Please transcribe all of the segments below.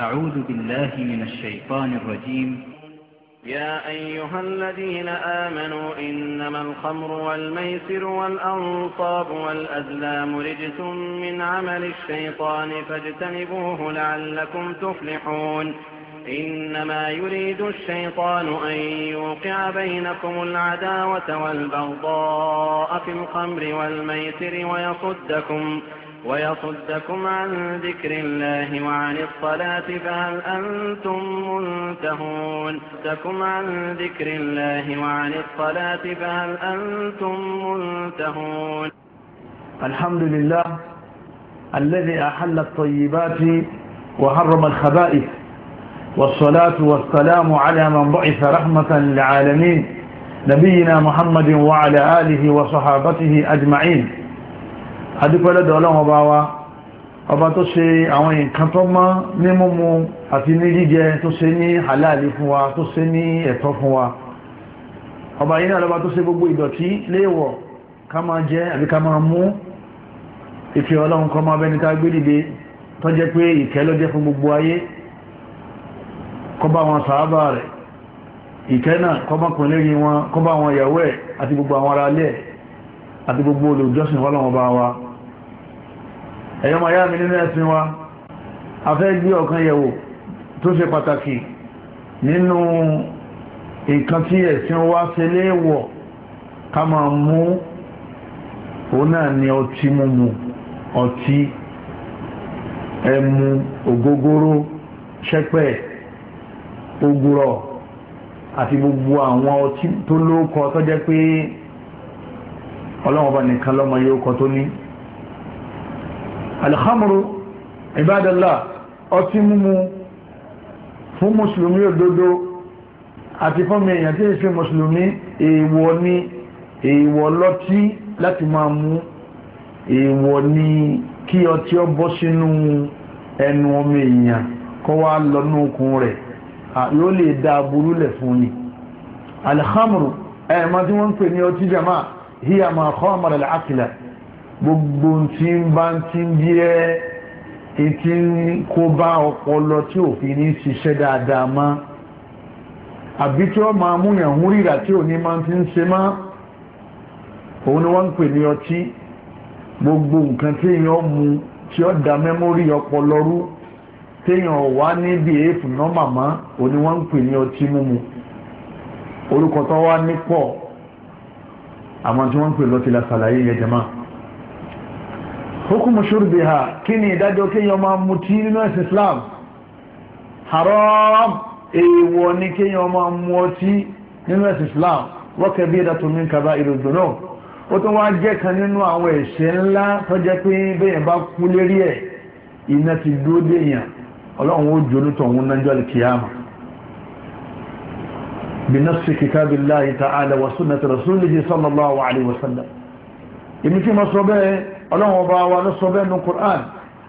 أعوذ بالله من الشيطان الرجيم يا أيها الذين آمنوا إنما الخمر والميسر والأنصاب والأزلام رجس من عمل الشيطان فاجتنبوه لعلكم تفلحون إنما يريد الشيطان أن يوقع بينكم العداوة والبغضاء في الخمر والميسر ويصدكم ويصدكم عن ذكر الله وعن الصلاة فهل أنتم منتهون صدكم عن ذكر الله وعن الصلاة فهل أنتم منتهون الحمد لله الذي أحل الطيبات وحرم الخبائث والصلاة والسلام على من بعث رحمة للعالمين نبينا محمد وعلى آله وصحابته أجمعين adúpẹ́ lọ́dọ̀ ọlọ́run ọba wa ọba tó ṣe àwọn nǹkan tó mọ́ ní mímu àti ní jíjẹ tó ṣe ní halali fún wa tó ṣe ní ẹ̀tọ́ fún wa ọba yìí náà lọ́ba tó ṣe gbogbo ìdọ̀tí léèwọ̀ ká máa jẹ àbí ká máa mú ìfẹ́ ọlọ́run kọ́ máa bẹni ká gbé dìde tó jẹ́ pé ìkẹ́ ló jẹ́ fún gbogbo ayé kó bá wọn sàábà rẹ̀ ìkẹ́ náà kó bá pínlẹ̀ yìí wọn kó bá wọn yàwó ẹ̀ àti gbogbo àwọn ará àti gbogbo olùjọ́sìn ọlọ́run ọba wa ẹ̀yọ́ máa yá mi nínú ẹ̀sìn wa a fẹ́ gbé ọ̀kan yẹ̀wò tó ṣe pàtàkì nínú nǹkan tí ẹ̀sìn wa ṣe léèwọ̀ ká máa mú òun náà ni ọtí mímu ọtí ẹmu ògógóró ṣẹpẹ ògùrọ̀ àti gbogbo àwọn ọtí tó lóókọ tó jẹ́ pé ọlọ́wọ́n bá nìkan lọ́mọ yóò kọ tó ní alhamru ibadallah ọtí mímu fún mùsùlùmí òdodo àti fún mi èèyàn tí ń ṣe mùsùlùmí èèwọ̀ ni èèwọ̀ lọ́tí láti máa mú èèwọ̀ ni kí ọtí ọ bọ́ sínú ẹnu ọmọ èèyàn kọ́ wá lọ́nà okùn rẹ̀ yóò lè dá aburú lẹ̀ fún ni alhamru ẹ̀ẹ̀ma tí wọ́n ń pè ní ọtí jama hiya ma khamara al-aqla gbogbo tí ń bá ti ń jẹ́ etí ń kó bá ọpọlọ tí òfin ní ṣiṣẹ́ dáadáa mọ́ àbí tí wọ́n máa múyàn hún rírà tí òní máa ti ń ṣe mọ́ òun ni wọ́n ń pè ní ọtí gbogbo nǹkan téèyàn mu tí ó da mẹ́mórì ọpọlọ rú téèyàn wá níbi èèfù náà màmá òun ni wọ́n ń pè ní ọtí mímu orúkọ tó wá nípọ̀ àwọn tí wọ́n ń pè lọ́tí la ṣàlàyé yẹn jẹ́ máa hukumu ṣúrùbìhà kí ni ìdájọ́ kéèyàn máa mutí nínú ẹ̀sìn Islam haram èèwọ̀ ni kéèyàn máa mu ọtí nínú ẹ̀sìn Islam wọ́kẹ̀ bí ẹ̀dà tòmí kaba ìròdò náà ó tún wá jẹ́ kan nínú àwọn ẹ̀ṣẹ̀ ńlá tó jẹ́ pé bẹ́yẹn bá kú lérí ẹ̀ iná ti dúró déèyàn ọlọ́run ó jó ní tọ̀hún nájọ́ alkiyama bí nafsi kitabillahi ta'ala wa sunnati rasulihi sallallahu alaihi wa sallam èmi tí mo sọ bẹ́ẹ̀ ọlọ́run ọba wa ló sọ bẹ́ẹ̀ nínú Qur'an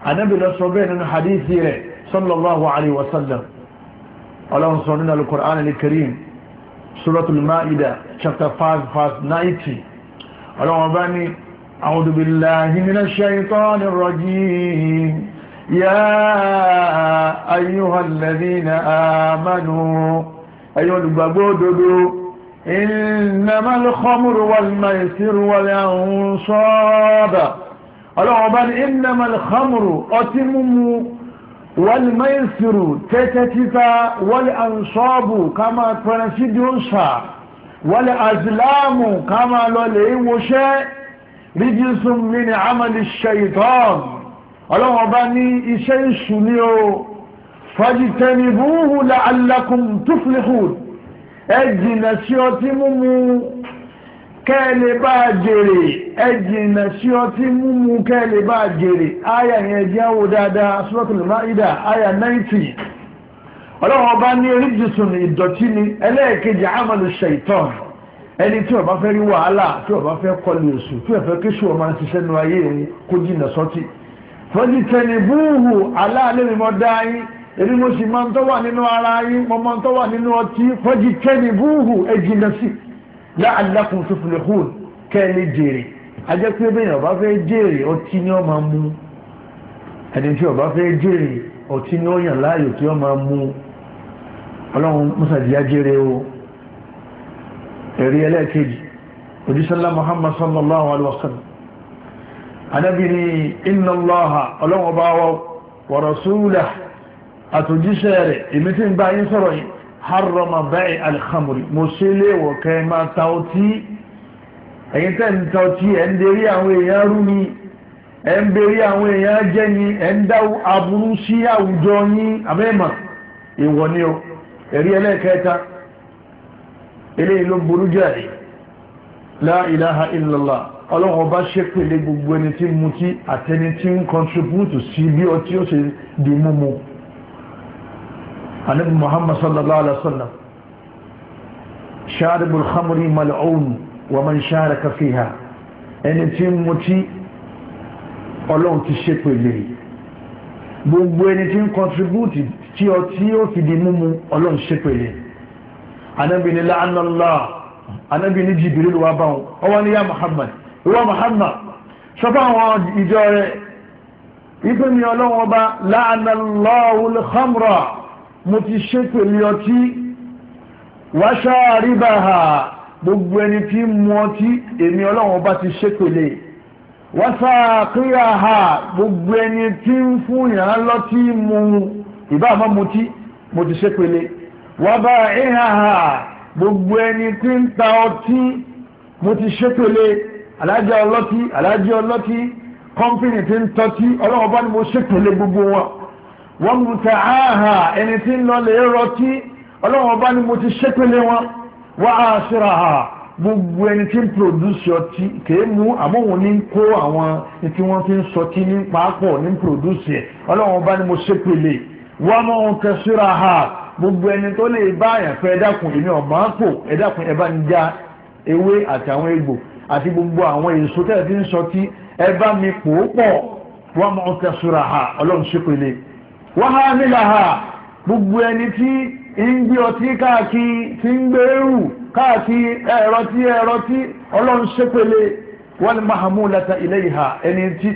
anábì ló sọ bẹ́ẹ̀ nínú hadithi rẹ̀ sallallahu alayhi wa sallam ọlọ́run sọ nínú al-Qur'an suratul ma'ida chapter five verse ninety ọlọ́run ọba ní a'udhu billahi minash shaitani rajim ya ayyuhal ladhina amanu ẹ̀yọ́ olùgbàgbọ́ òdodo innamal khamru wal maisiru ọlọ́run ọba ní innamal khamru ọtí mímu wal maisiru tẹ́tẹ́ títa wal ansọ́ọ̀bù ká máa pẹ̀rẹ̀ sí dúnṣà wal azlamu ká máa lọ lè wọṣẹ́ ríjísùn min amali ní iṣẹ́ ìṣù ni o fajitanibuhu la'allakum tuflihun ẹ sí ọtí mímu kẹ́ẹ̀lé bá jèrè ẹjìnà sí ọtí múmu baa bá jèrè àyà yẹn jẹ́ wò dáadáa Maida àyà 90 ọlọ́wọ́n bá ní ríjìsùn ìdọ̀tí ni ẹlẹ́ẹ̀kejì àmàlù ẹni tí ó fẹ́ rí wàhálà tí ó fẹ́ kọlu èṣù tí ó fẹ́ kéṣù ọmọ ṣiṣẹ́ nu ayé kó jìnà sọ́tì fọ́jì tẹ̀lé búhù aláàlẹ́ mi mọ́ yín èmi mo ara yín mo máa ń tọ́wà nínú ọtí fọ́jì tẹ̀lé la'allakum tuflihun kẹ́lẹ́ jèrè ajẹ́ pé bẹ́ẹ̀ ọba fẹ́ jèrè ọtí ni ọ máa mú ẹni tí ọba fẹ́ jèrè ọtí ni ọ yàn láàyò tí ọ mú ọlọ́run mọ́sàdíyá jèrè o ẹ̀rí ẹlẹ́ẹ̀kejì òjísọ́lá muhammad sallallahu alaihi wasallam anábìnrin inna allaha ọlọ́run ọba wa wa àtòjíṣẹ́ rẹ̀ èmi tí ń bá yín sọ̀rọ̀ yìí harrama bai alhamri mo ṣe léwọ̀ kẹ́ máa ta ọtí ẹ̀yin tẹ́ ń ta ọtí ẹ̀ ń derí àwọn èèyàn rú ni ẹ̀ ń berí àwọn èèyàn jẹ́ ni ẹ̀ ń dá aburú sí àwùjọ yín abẹ́mà ìwọ ni o ẹ̀rí ẹlẹ́ẹ̀kẹta eléyìí ló burú jáde la ilaha illallah ọlọ́run ọba ṣépèlé gbogbo ẹni tí mutí àtẹni tí ń contribute sí bí ọtí ó ṣe di mímu anabi محمد صلى الله عليه وسلم شارب الخمر ملعون ومن شارك فيها ẹni tí ń mutí ọlọ́run ti ṣe pèlè gbogbo ẹni tí ń contribute tí ọ tí ó fi di múmu ọlọ́run ṣe pèlè anabi ni la'anallah anabi ni jibril wa báwọn ọwọ́ ni ya muhammad ìwọ muhammad sọ àwọn ìjọ rẹ̀ ipe mi ọlọ́run ọba la'anallahu al-khamra mo ti ṣépè lé ọtí wáṣá àríbáhà gbogbo ẹni tí mu ọtí èmi ọlọ́run ọba ti ṣépè lé wáṣá àkíyàhà gbogbo ẹni tí ń fún yàrá lọ́tí mu ìbá àmọ́ mutí mo ti ṣépè lé wábà ha gbogbo ẹni tí ń ta ọtí mo ti ṣépè lé alájẹ ọlọ́tí alájẹ ọlọ́tí kọ́mpìnì tí ń tọ́tí ọlọ́run ọba ni mo ṣépè lé gbogbo wọn wọ́n mú ta áhà ẹni tí ń lọ lè rọtí ọlọ́wọ́n bá ní mo ti ṣépele wọn wọ́n á ṣíra ha gbogbo ẹni tí ń produce ọtí kèé mú àmọ́ òun ní kó àwọn tí wọ́n fi ń sọtí ní pàápọ̀ ní produce ẹ̀ ọlọ́wọ́n bá ní mo ṣépele wọ́n mọ̀ ń kẹ́ ṣíra ha gbogbo ẹni tó lè bá àyàn fẹ́ ẹ̀dàkùn èmi ọ̀mọ́ àpò ẹ̀dàkùn ẹ̀ bá ń já ewé àti àwọn egbò àti gbogbo àwọn èso tẹ́lẹ̀ fi ń sọtí ẹ mi pòó wọ́n mọ̀ ń kẹ́ ha ọlọ́run ṣépele wàhámìláha gbogbo ẹni tí ń gbé ọtí káàkiri tí ń gbé ẹrù káàkiri ẹ̀rọ tí ẹ̀rọ tí ọlọ́run ṣépele wọ́n ní mahamu lẹ́ta ilé ìhà ẹni tí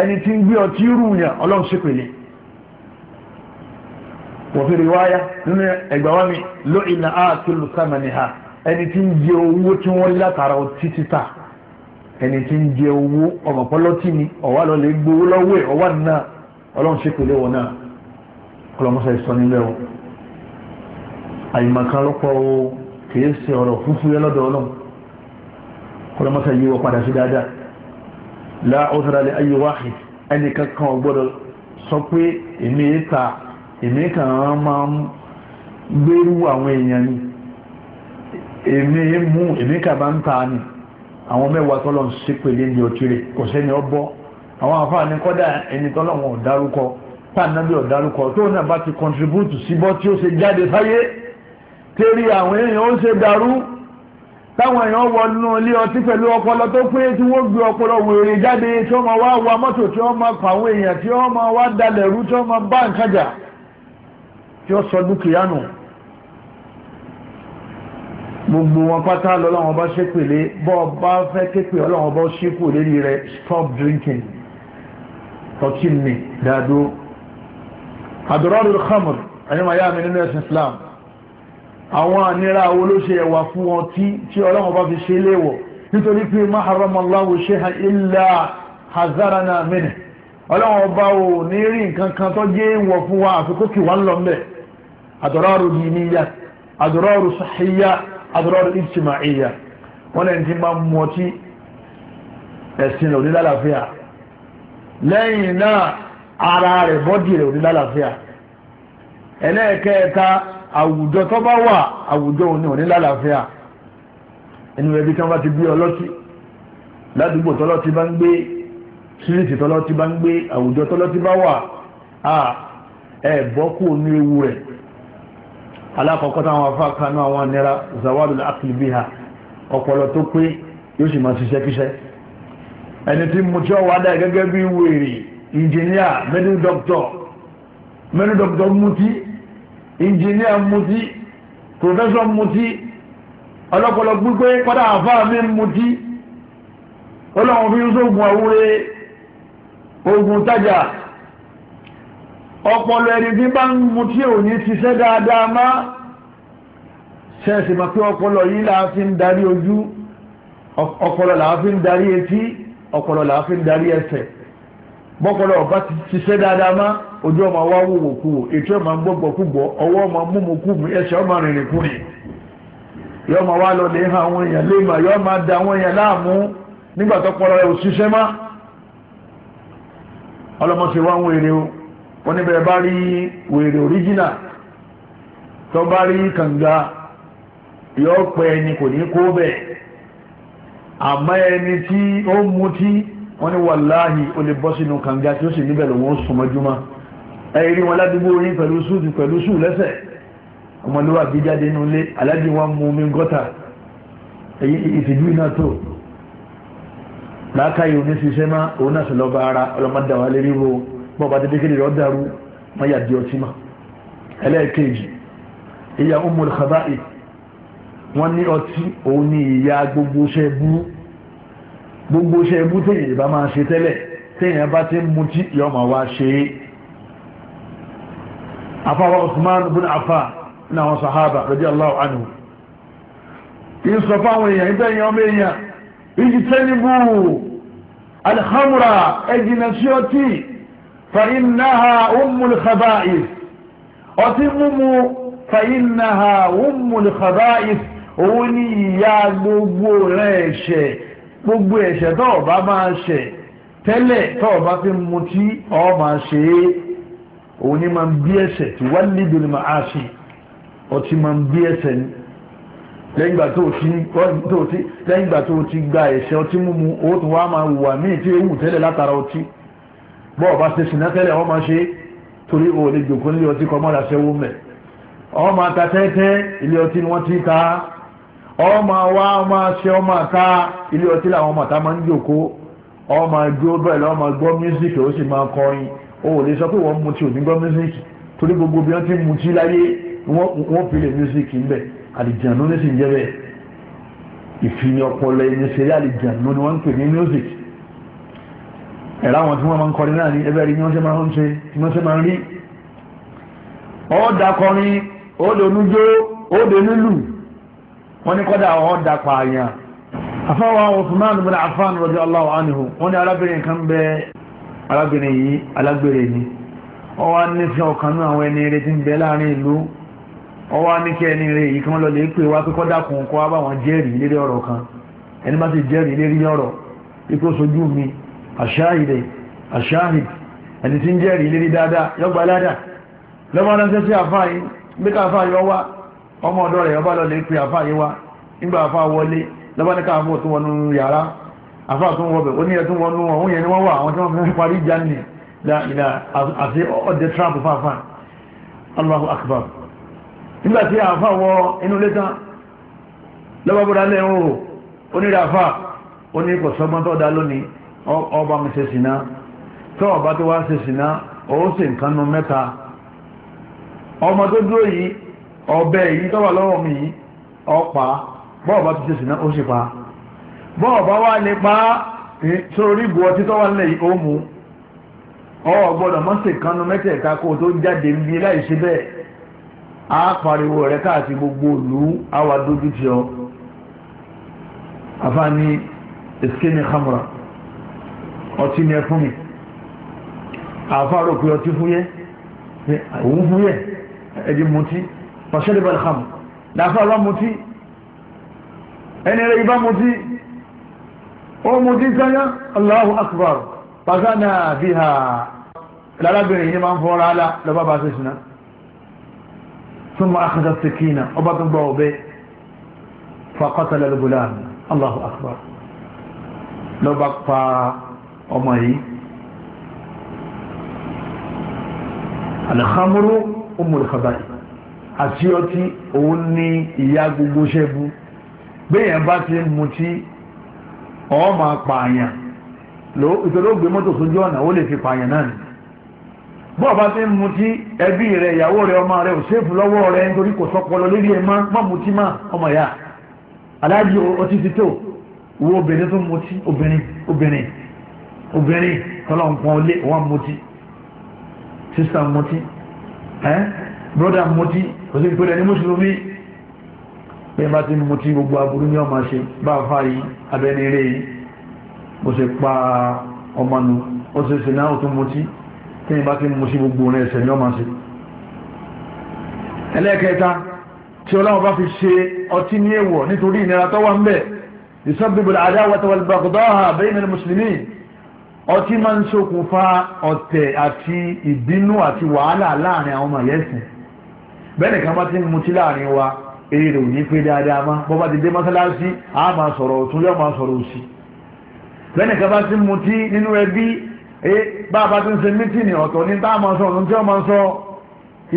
ẹni tí ń gbé ọtí rù yàn ọlọ́run wa ha ẹni tí ń jẹ owó tí wọ́n látara ọtí títà ẹni tí ń jẹ owó ni ọlọ́run ṣe pèlè wọn náà kọlọmọsọ ìsọ nílẹ̀ o àyìnbọn kan lọ́pọ̀ o kìí ṣe ọ̀rọ̀ fúnfún yẹ lọ́dọ̀ ọlọ́run kọlọmọsọ yìí wọ padà sí dáadáa la ọ̀sára lè ayé wáhì ẹnì kankan ọgbọ́dọ̀ sọ pé èmi ta èmi kan máa ń gbérú àwọn èèyàn ni èmi mú èmi kà bá ń ta ni àwọn mẹ́wàá tọ́lọ̀ ń ṣe pèlè ní ọtí rẹ̀ kò sẹ́ni ọ àwọn àfààní kọ́dà ẹni tọ́lọ́wọ́n ò dárúkọ tànàbí ò dárúkọ tó náà bá ti contribute síbọ́ tí ó ṣe jáde sáyé tẹ́rí àwọn èèyàn ó ṣe dàrú táwọn èèyàn wọnú ilé ọtí pẹ̀lú ọpọlọ tó pé tí wọ́n gbé ọpọlọ wèrè jáde tí wọ́n máa wá wa mọ́tò tí wọ́n máa pa àwọn èèyàn tí wọ́n máa wá dalẹ̀ rú tí wọ́n máa bá nǹkan jà tí wọ́n sọ dúkìá nù gbogbo wọn pátá lọ́lọ́wọ́n bá ṣépèlé bọ́ọ̀ bá fẹ́ képè ọlọ́wọ́n bá ṣépò lérí rẹ̀ stop drinking tọ́kí ni dáadó الخمر khamr ẹ̀yìn wáyá mi nínú ẹ̀sìn Islam àwọn ànírà olóṣe ẹ̀wà fún wọn tí tí ọlọ́wọ́ bá fi ṣe léwọ̀ nítorí pé ma harrama Allahu shay'an illa hazarana minhu ọlọ́wọ́ bá ò ní rí nǹkan kan tó jẹ́ ìwọ̀ fún wa àfi kókì wá ń lọ mẹ́ àdúrọ́rù diniya àdúrọ́rù sahiyya àdúrọ́rù ijtima'iyya wọ́n lẹ́yìn tí máa mú ọtí ẹ̀sìn lò ní lálàáfíà lẹ́yìn náà ara rẹ̀ bọ́dì rẹ̀ a ní lálàáfíà ẹlẹ́ẹ̀kẹta àwùjọ tó bá wà àwùjọ òní òní lálàáfíà ẹnu ẹbí tí wọ́n bá ti bí ọlọ́tí ládùúgbò tọ́lọ́tí bá ń gbé síríìtì tọ́lọ́tí bá ń gbé àwùjọ tọ́lọ́tí bá wà á ẹ̀ bọ́ kú ọpọlọ tó pé yóò ẹni tí mo tí ọ wá dá gẹ́gẹ́ bí wèrè ìjìnìá mẹ́ni dọ́kítọ̀ mẹ́ni dọ́kítọ̀ mutí ìjìnìá mutí pòfẹ́sọ̀ mutí ọlọ́pọlọ gbígbé kọ́dà àfáà mi mutí ọlọ́run fi ń sóògùn àwúre oògùn tajà ọpọlọ ẹni tí bá ń mutí òní ti ṣe dáadáa má ṣẹ́ẹ̀sì mọ̀ pé ọpọlọ yìí là fi ń darí ojú ọpọlọ là fi ń darí etí ọpọlọ làá fi ń darí ẹsẹ̀ bọ́pọlọ ọba ti ṣiṣẹ́ dáadáa má ojú ọmọ wa wòwò kú ọ ètò ọmọ gbọ́gbọ́ kú gbọ́ ọwọ́ ọmọ múmu kú mu ẹsẹ̀ ọmọ rìnrìn kú rìn yọ ọmọ wa lọ lè hàn àwọn èèyàn léèmà yọ ọmọ da àwọn èèyàn láàmú nígbà tó ò ṣiṣẹ́ má wa ń wèrè o wọn níbẹ̀ bá rí wèrè tó bá rí kànga àmọ́ ẹni tí ó mutí wọ́n ní wàláhì ó lè bọ́ sínú kànga tí ó sì níbẹ̀ lòun sọmọjúmọ́ ẹ̀yìn rí wọn ládùúgbò yín pẹ̀lú súùtù pẹ̀lú súù lẹ́sẹ̀ ọmọlúwà bí jáde inú ilé aláàjì wọn mú mi gọ́tà èyí ìtìjú iná tó láàkàyè oníṣiṣẹ́ má òun náà sì bá ara ọlọ́mọdé àwọn ríro bọ́ bá dédé kéde lọ́ọ́ dàrú yà di ọtí mọ́ ẹlẹ́ẹ̀kejì ìyá umul khaba'i wọ́n ní ọtí òun ní ìyá gbogbo iṣẹ́ bú gbogbo iṣẹ́ bú téèyàn bá máa ṣe tẹ́lẹ̀ téèyàn bá ti ń mutí yọ máa wá ṣe é afáwọn Usman bin Affan ní àwọn sahaba radiyallahu anhu yìí sọ fáwọn èèyàn ìgbẹ́ èèyàn ọmọ èèyàn ìjì tẹ́nibú alhamra ẹ̀jìnà sí ọtí fàyínnáha ummulkhaba'is ọtí múmu fàyínnáha ummulkhaba'is òun ní ìyá gbogbo rẹ̀ ẹ̀ṣẹ̀ gbogbo ẹ̀ṣẹ̀ tó o bá máa ṣẹ̀ tẹ́lẹ̀ tó o bá fi mutí o máa ṣe é òun ní máa ń bí ẹ̀ṣẹ̀ tí wọ́n lè dèrè máa ṣe ọtí máa ń bí ẹ̀ṣẹ̀ ni lẹ́yìn ìgbà tó o ti gba ẹ̀ṣẹ̀ ọtí mímu o tún wá máa wà míì tí ewu tẹ́lẹ̀ látara ọtí bọ́ọ̀ bá ṣe ṣìnà tẹ́lẹ̀ wọ́n máa ṣe torí o lè jòkó nílé ọtí kọ́ mọ́ra ṣẹ́wó mẹ́ ọ máa ta tẹ́tẹ́ ilé ọtí ni wọ́n ti ta á ọmọ wa ọmọ ṣe ọmọ àta ilé ọtí làwọn ọmọ àta máa ń jòkó ọmọ jó bẹ́ẹ̀ lọ ọmọ gbọ́ mísíkì ó sì máa kọrin o ò lè sọ pé wọ́n mutí ò ní gbọ́ mísíkì torí gbogbo bí wọ́n ti mutí láyé wọ́n fi lè mísíkì ńbẹ̀ àlìjànú ní sì ń jẹ́ bẹ́ẹ̀ ìfihàn ọpọlọ ẹni ṣeré àlìjànú ni wọ́n ń pè ní mísíkì ẹ̀rọ àwọn tí wọ́n máa ń kọrin náà ní ẹbẹ́ rí ni wọ́n ṣe máa ń ṣe ni wọ́n ṣe máa ń rí ọ̀ọ́dà kọrin ó dònújó ó wọ́n koda awa àwọn ọ̀dà pààyàn afọ́wà Uthman bin Affan radiyallahu anhu wọ́n ní arábìnrin kan bẹ arábìnrin yìí alágbèrè ni wọ́n wá ní fi ọ̀kan ní àwọn ẹni rẹ̀ ti ń bẹ láàrin ìlú wọ́n wá ẹni yìí kan lọ lè pè wá pé kọ́dà kùn kọ́ wá báwọn jẹ́rìí lérí ọ̀rọ̀ kan ẹni bá ti jẹ́rìí lérí ọ̀rọ̀ sojú mi àṣáhìdẹ̀ ọmọ ọdọ rẹ̀ ọba lọ́lẹ̀ afa àfá yìí afa nígbà lọba wọlé lọ́bánikà àfá tó wọnú yàrá afọ tó wọ́bẹ̀ ó ní tó wọnú yẹn ni wọn wà àwọn tí wọ́n fi parí ìjà ní ìlà àti ọ̀dẹ trump fáfá nígbà tí wọ inú o kò tó lónìí ọba mi ṣe sìnà tó ọba tó wá ṣe sìnà ọ̀bẹ èyí tó wà lọ́wọ́ mi ọ̀pá bọ́ọ̀bá ti ṣe sìnà ó sì pa bọ́ọ̀bá wà lè pa sórí ìbò ọtí tó wà lẹ́yìn ó mu ọ̀ gbọ́dọ̀ mọ́sẹ̀ kanu mẹ́tẹ̀ẹ̀ta kó tó jáde ń bí láìsí bẹ́ẹ̀ á pariwo rẹ̀ káàkiri gbogbo ìlú àwa dójú ti ọ àfààní ìskéni hamra ọtí ni ẹ fún mi àfààrò pé ọtí fúyẹ́ òun fúyẹ́ ẹ̀dí mutí fàṣẹ́lẹ̀ bẹ̀rẹ̀ hàn láfà bá mutí ẹni rẹ̀ ibá mutí ó mutí sáyá Allahu akbar pàṣánà bí ha lárábìnrin yìí máa ń fọ́ra alá lọ́bá bá ṣe ṣìná tún ma akẹ́ta sikina ọba tó gbọ́ ọbẹ̀ fàkọ́tàlẹ̀ lọ́gbọ̀lá Allahu akbar lọ́bá pa ọmọ yìí alhamru àti ọtí òun ní ìyá gbogbo ṣẹ́bù gbéyàn bá ti ń mutí ó máa pààyàn ló ìtọ́jú ògbé mọ́tò sójú ọ̀nà ó lè fi pààyàn náà ni bọ́ọ̀ bá ti ń mutí ẹbí rẹ ìyàwó rẹ ọmọ rẹ ò ṣèfù lọ́wọ́ rẹ nítorí kò sọpọlọ lórí má má ọmọ aláàjì ọtí ti tó wo obìnrin tó obìnrin obìnrin obìnrin tọ́lọ̀ nǹkan lé broda mutí kò sí ìpínlẹ̀ ní mùsùlùmí bẹ́ẹ̀ bá ti ń mutí gbogbo aburú ní ọmọ ṣe bá a fa yìí abẹ́niré yìí ó sì pa ọmọ nù ó sì sì náà tún mutí tí ìbá ti ń mutí gbogbo rẹ̀ ẹ̀sẹ̀ ní ọmọ ṣe. ẹlẹ́ẹ̀kẹta tí ọlọ́run bá fi ṣe ọtí ní èèwọ̀ nítorí ìnira tó ń bẹ̀ ìsọ́bìbò àdáwọ̀tà wàlúbàkúdọ́hà bẹ́ẹ̀ ní mùsùlùmí ọtí máa ń ṣokùnfà ọ̀tẹ̀ àti ìbínú àti wàhálà láàrin àwọn ọmọ yẹn bẹ́ẹ̀ni kan bá ti ń mutí láàrin wa eré rẹ̀ ò ní pé dáadáa má bọ́ bá ti dé mọ́sálásí a máa sọ̀rọ̀ ọ̀tún yóò máa sọ̀rọ̀ òsì bẹ́ẹ̀ni kan bá ti ń mutí nínú ẹbí e, bá a bá ti ń ṣe mítìnì ọ̀tọ̀ ní tá a máa sọ̀rọ̀ tí wọ́n máa sọ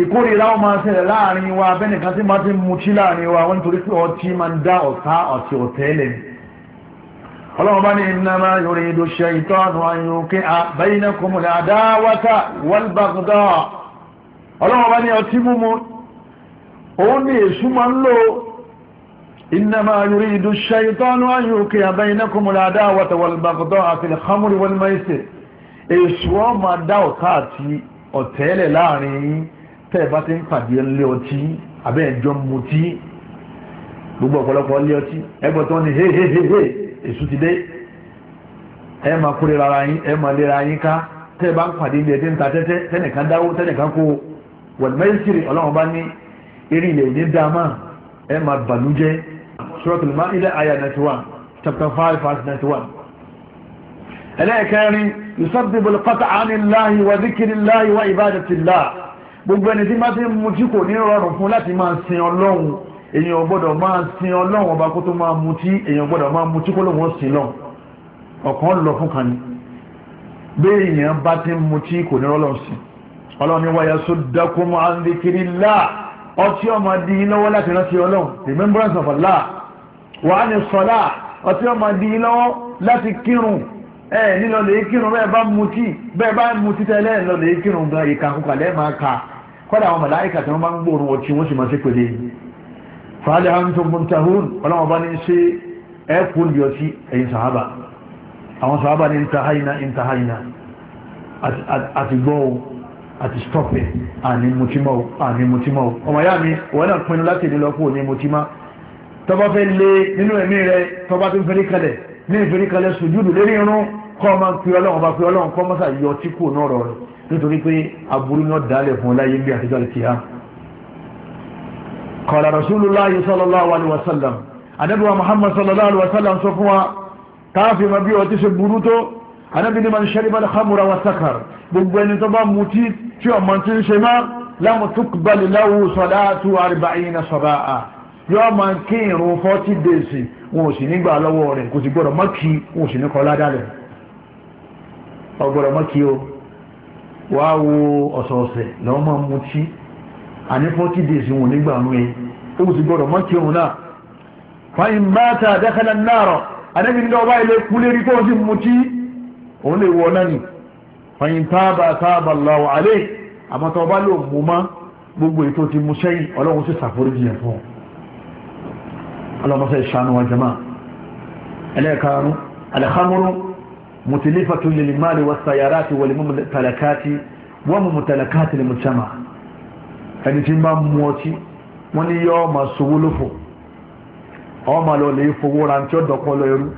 ìkórìíra ó máa ṣẹlẹ̀ láàrin wa bẹ́ẹ̀ni kan ti máa ti mutí láàrin wa wọ́n nítorí pé ọtí máa ń dá ọ̀tá àti ọ̀tẹ́lẹ̀ ọlọ́run bá ní ìnáma yorí ìdó ṣe ìtọ́nù ayòkè àbẹ́yìnà kòmùnà àdáwátà wọ́lbàgùdọ́ ọlọ́run bá ní ọtí múmu òun ni èṣù máa ń lò innama yuridu shaytanu an yuqi'a bainakumul adawata wal baghdha'a fil khamri wal maisir èṣù ọ máa dá ọ̀tá àti ọ̀tẹ́lẹ̀ láàrin yín tẹ́ ẹ bá ti ń pàdé ńlé ọtí abẹ́ mutí gbogbo ọ̀pọ̀lọpọ̀ ńlé ọtí ẹgbẹ́ tó ní hehehehe èṣù ti dé ẹ máa kúrè rárá yín ẹ máa lera yín ká tẹ́ ń pàdé ilé ẹtí ń ta tẹ́tẹ́ tẹ́nìkan dáwó tẹ́nìkan kó wọ̀lùmẹ́sìrì ọlọ́run bá ní eré ilẹ̀ èdè dáama ẹ máa bàlújẹ́ suratul Maida àyà 91 chapter 5 verse 91. ẹlẹ́ẹ̀kẹrin yusabbibu al-qat'a anillahi wa dhikrillahi wa ibadatillah gbogbo ẹni tí máa ti mutí kò ní rọrùn fún láti máa sin ọlọ́run èèyàn gbọ́dọ̀ máa sin ọlọ́run ọba kó tó máa mutí èèyàn gbọ́dọ̀ máa mutí kó lóun sin lọ ọ̀kan lọ fún kan ni bẹ́ẹ̀ èèyàn bá ti mutí kò ní rọrùn sí ọlọ́run ni wáyà sódàkùn máa ọtí ọmọ di yín lọ́wọ́ láti rántí ọlọ́run remembrance of Allah wà á ní sọ́lá ọtí ọmọ di yín lọ́wọ́ láti kírun ẹ nílọ lè kírun bẹ́ẹ̀ bá mutí bẹ́ẹ̀ bá mutí tẹ́lẹ̀ nílọ lè kírun gan ìka kúkà lẹ́ẹ̀ máa ka kọ́dà àwọn màláìkà tí wọ́n bá ń gbóòórùn ọtí wọ́n sì máa ṣe pèlè fàálẹ̀ hantum muntahun ọlọ́wọ́n bá ní ṣe ẹ kú ní ọtí ẹ̀yin sàhábà àwọn sàhábà ní intahaina intahaina àti gbọ́ àti stọ́pẹ̀ àní mutima o àní mutima o ọmọ ìyá mi wọ́n náà pinnu láti ní lọ́kù ní mutima tọba fẹ́ lé nínú ẹ̀mí rẹ tọba tó ń fẹ́rí kalẹ̀ ní ìfẹ́rí kalẹ̀ sùjúdù lérí irun kọ́ ọmọ pé ọlọ́run ọba pé ọlọ́run kọ́ mọ́sà yọ tí kò náà rọrùn nítorí pé aburú náà dálẹ̀ fún láyé bí àtijọ́ àti tìhá. qala rasulullahi sallallahu alaihi wasallam àdẹ́bùwà muhammad sallallahu alaihi wasallam sọ fún wa káàfin ma bí ọtí ṣe burú tó anábì ni ma ń ṣẹ́rí bára hamura wa sakar gbogbo ẹni tó bá mutí tí ọmọ tí ń ṣe má lámù tukbali láwù sọdáàtú arba'ina sọdáà yóò ma ń kí irun forty days wọn ò sì ní gbà lọ́wọ́ rẹ̀ kò sì gbọ́dọ̀ má kí wọn ò sì ní kọ́ ládàlẹ̀ ọgbọ́dọ̀ má kí o wà á wo ọ̀sọ̀ọ̀sẹ̀ lọ́wọ́ máa mutí àní forty days wọn ò ní gbà nú ẹ ó sì gbọ́dọ̀ má òun náà fàyín bá ta dákẹ́lẹ́ náà rọ̀ anábì ni lọ́wọ́ báyìí lè kú lérí kó o sì mutí òun lè wọ náà nì fàyín tábà tábà Allahu alayhi àmọ́ tó bá lò mú má gbogbo ètò ti mú sẹ́yìn ọlọ́run sì ṣàforíjì yẹn fún ọlọ́mọṣẹ́ ìṣàánú wa jama ẹlẹ́ẹ̀karùn-ún alẹ́kámúrú mùtìlífàtú lèlìmáàlì wa sàyàrá àti wọlé mú tàlákàtì wọ́n mú tàlákàtì lè mú jama ẹni tí bá mú ọtí wọ́n ní yọ́ ọmọ sowó ọmọ lọ lè fowó ra ní tí ó dọ̀pọ̀ lọ ẹrú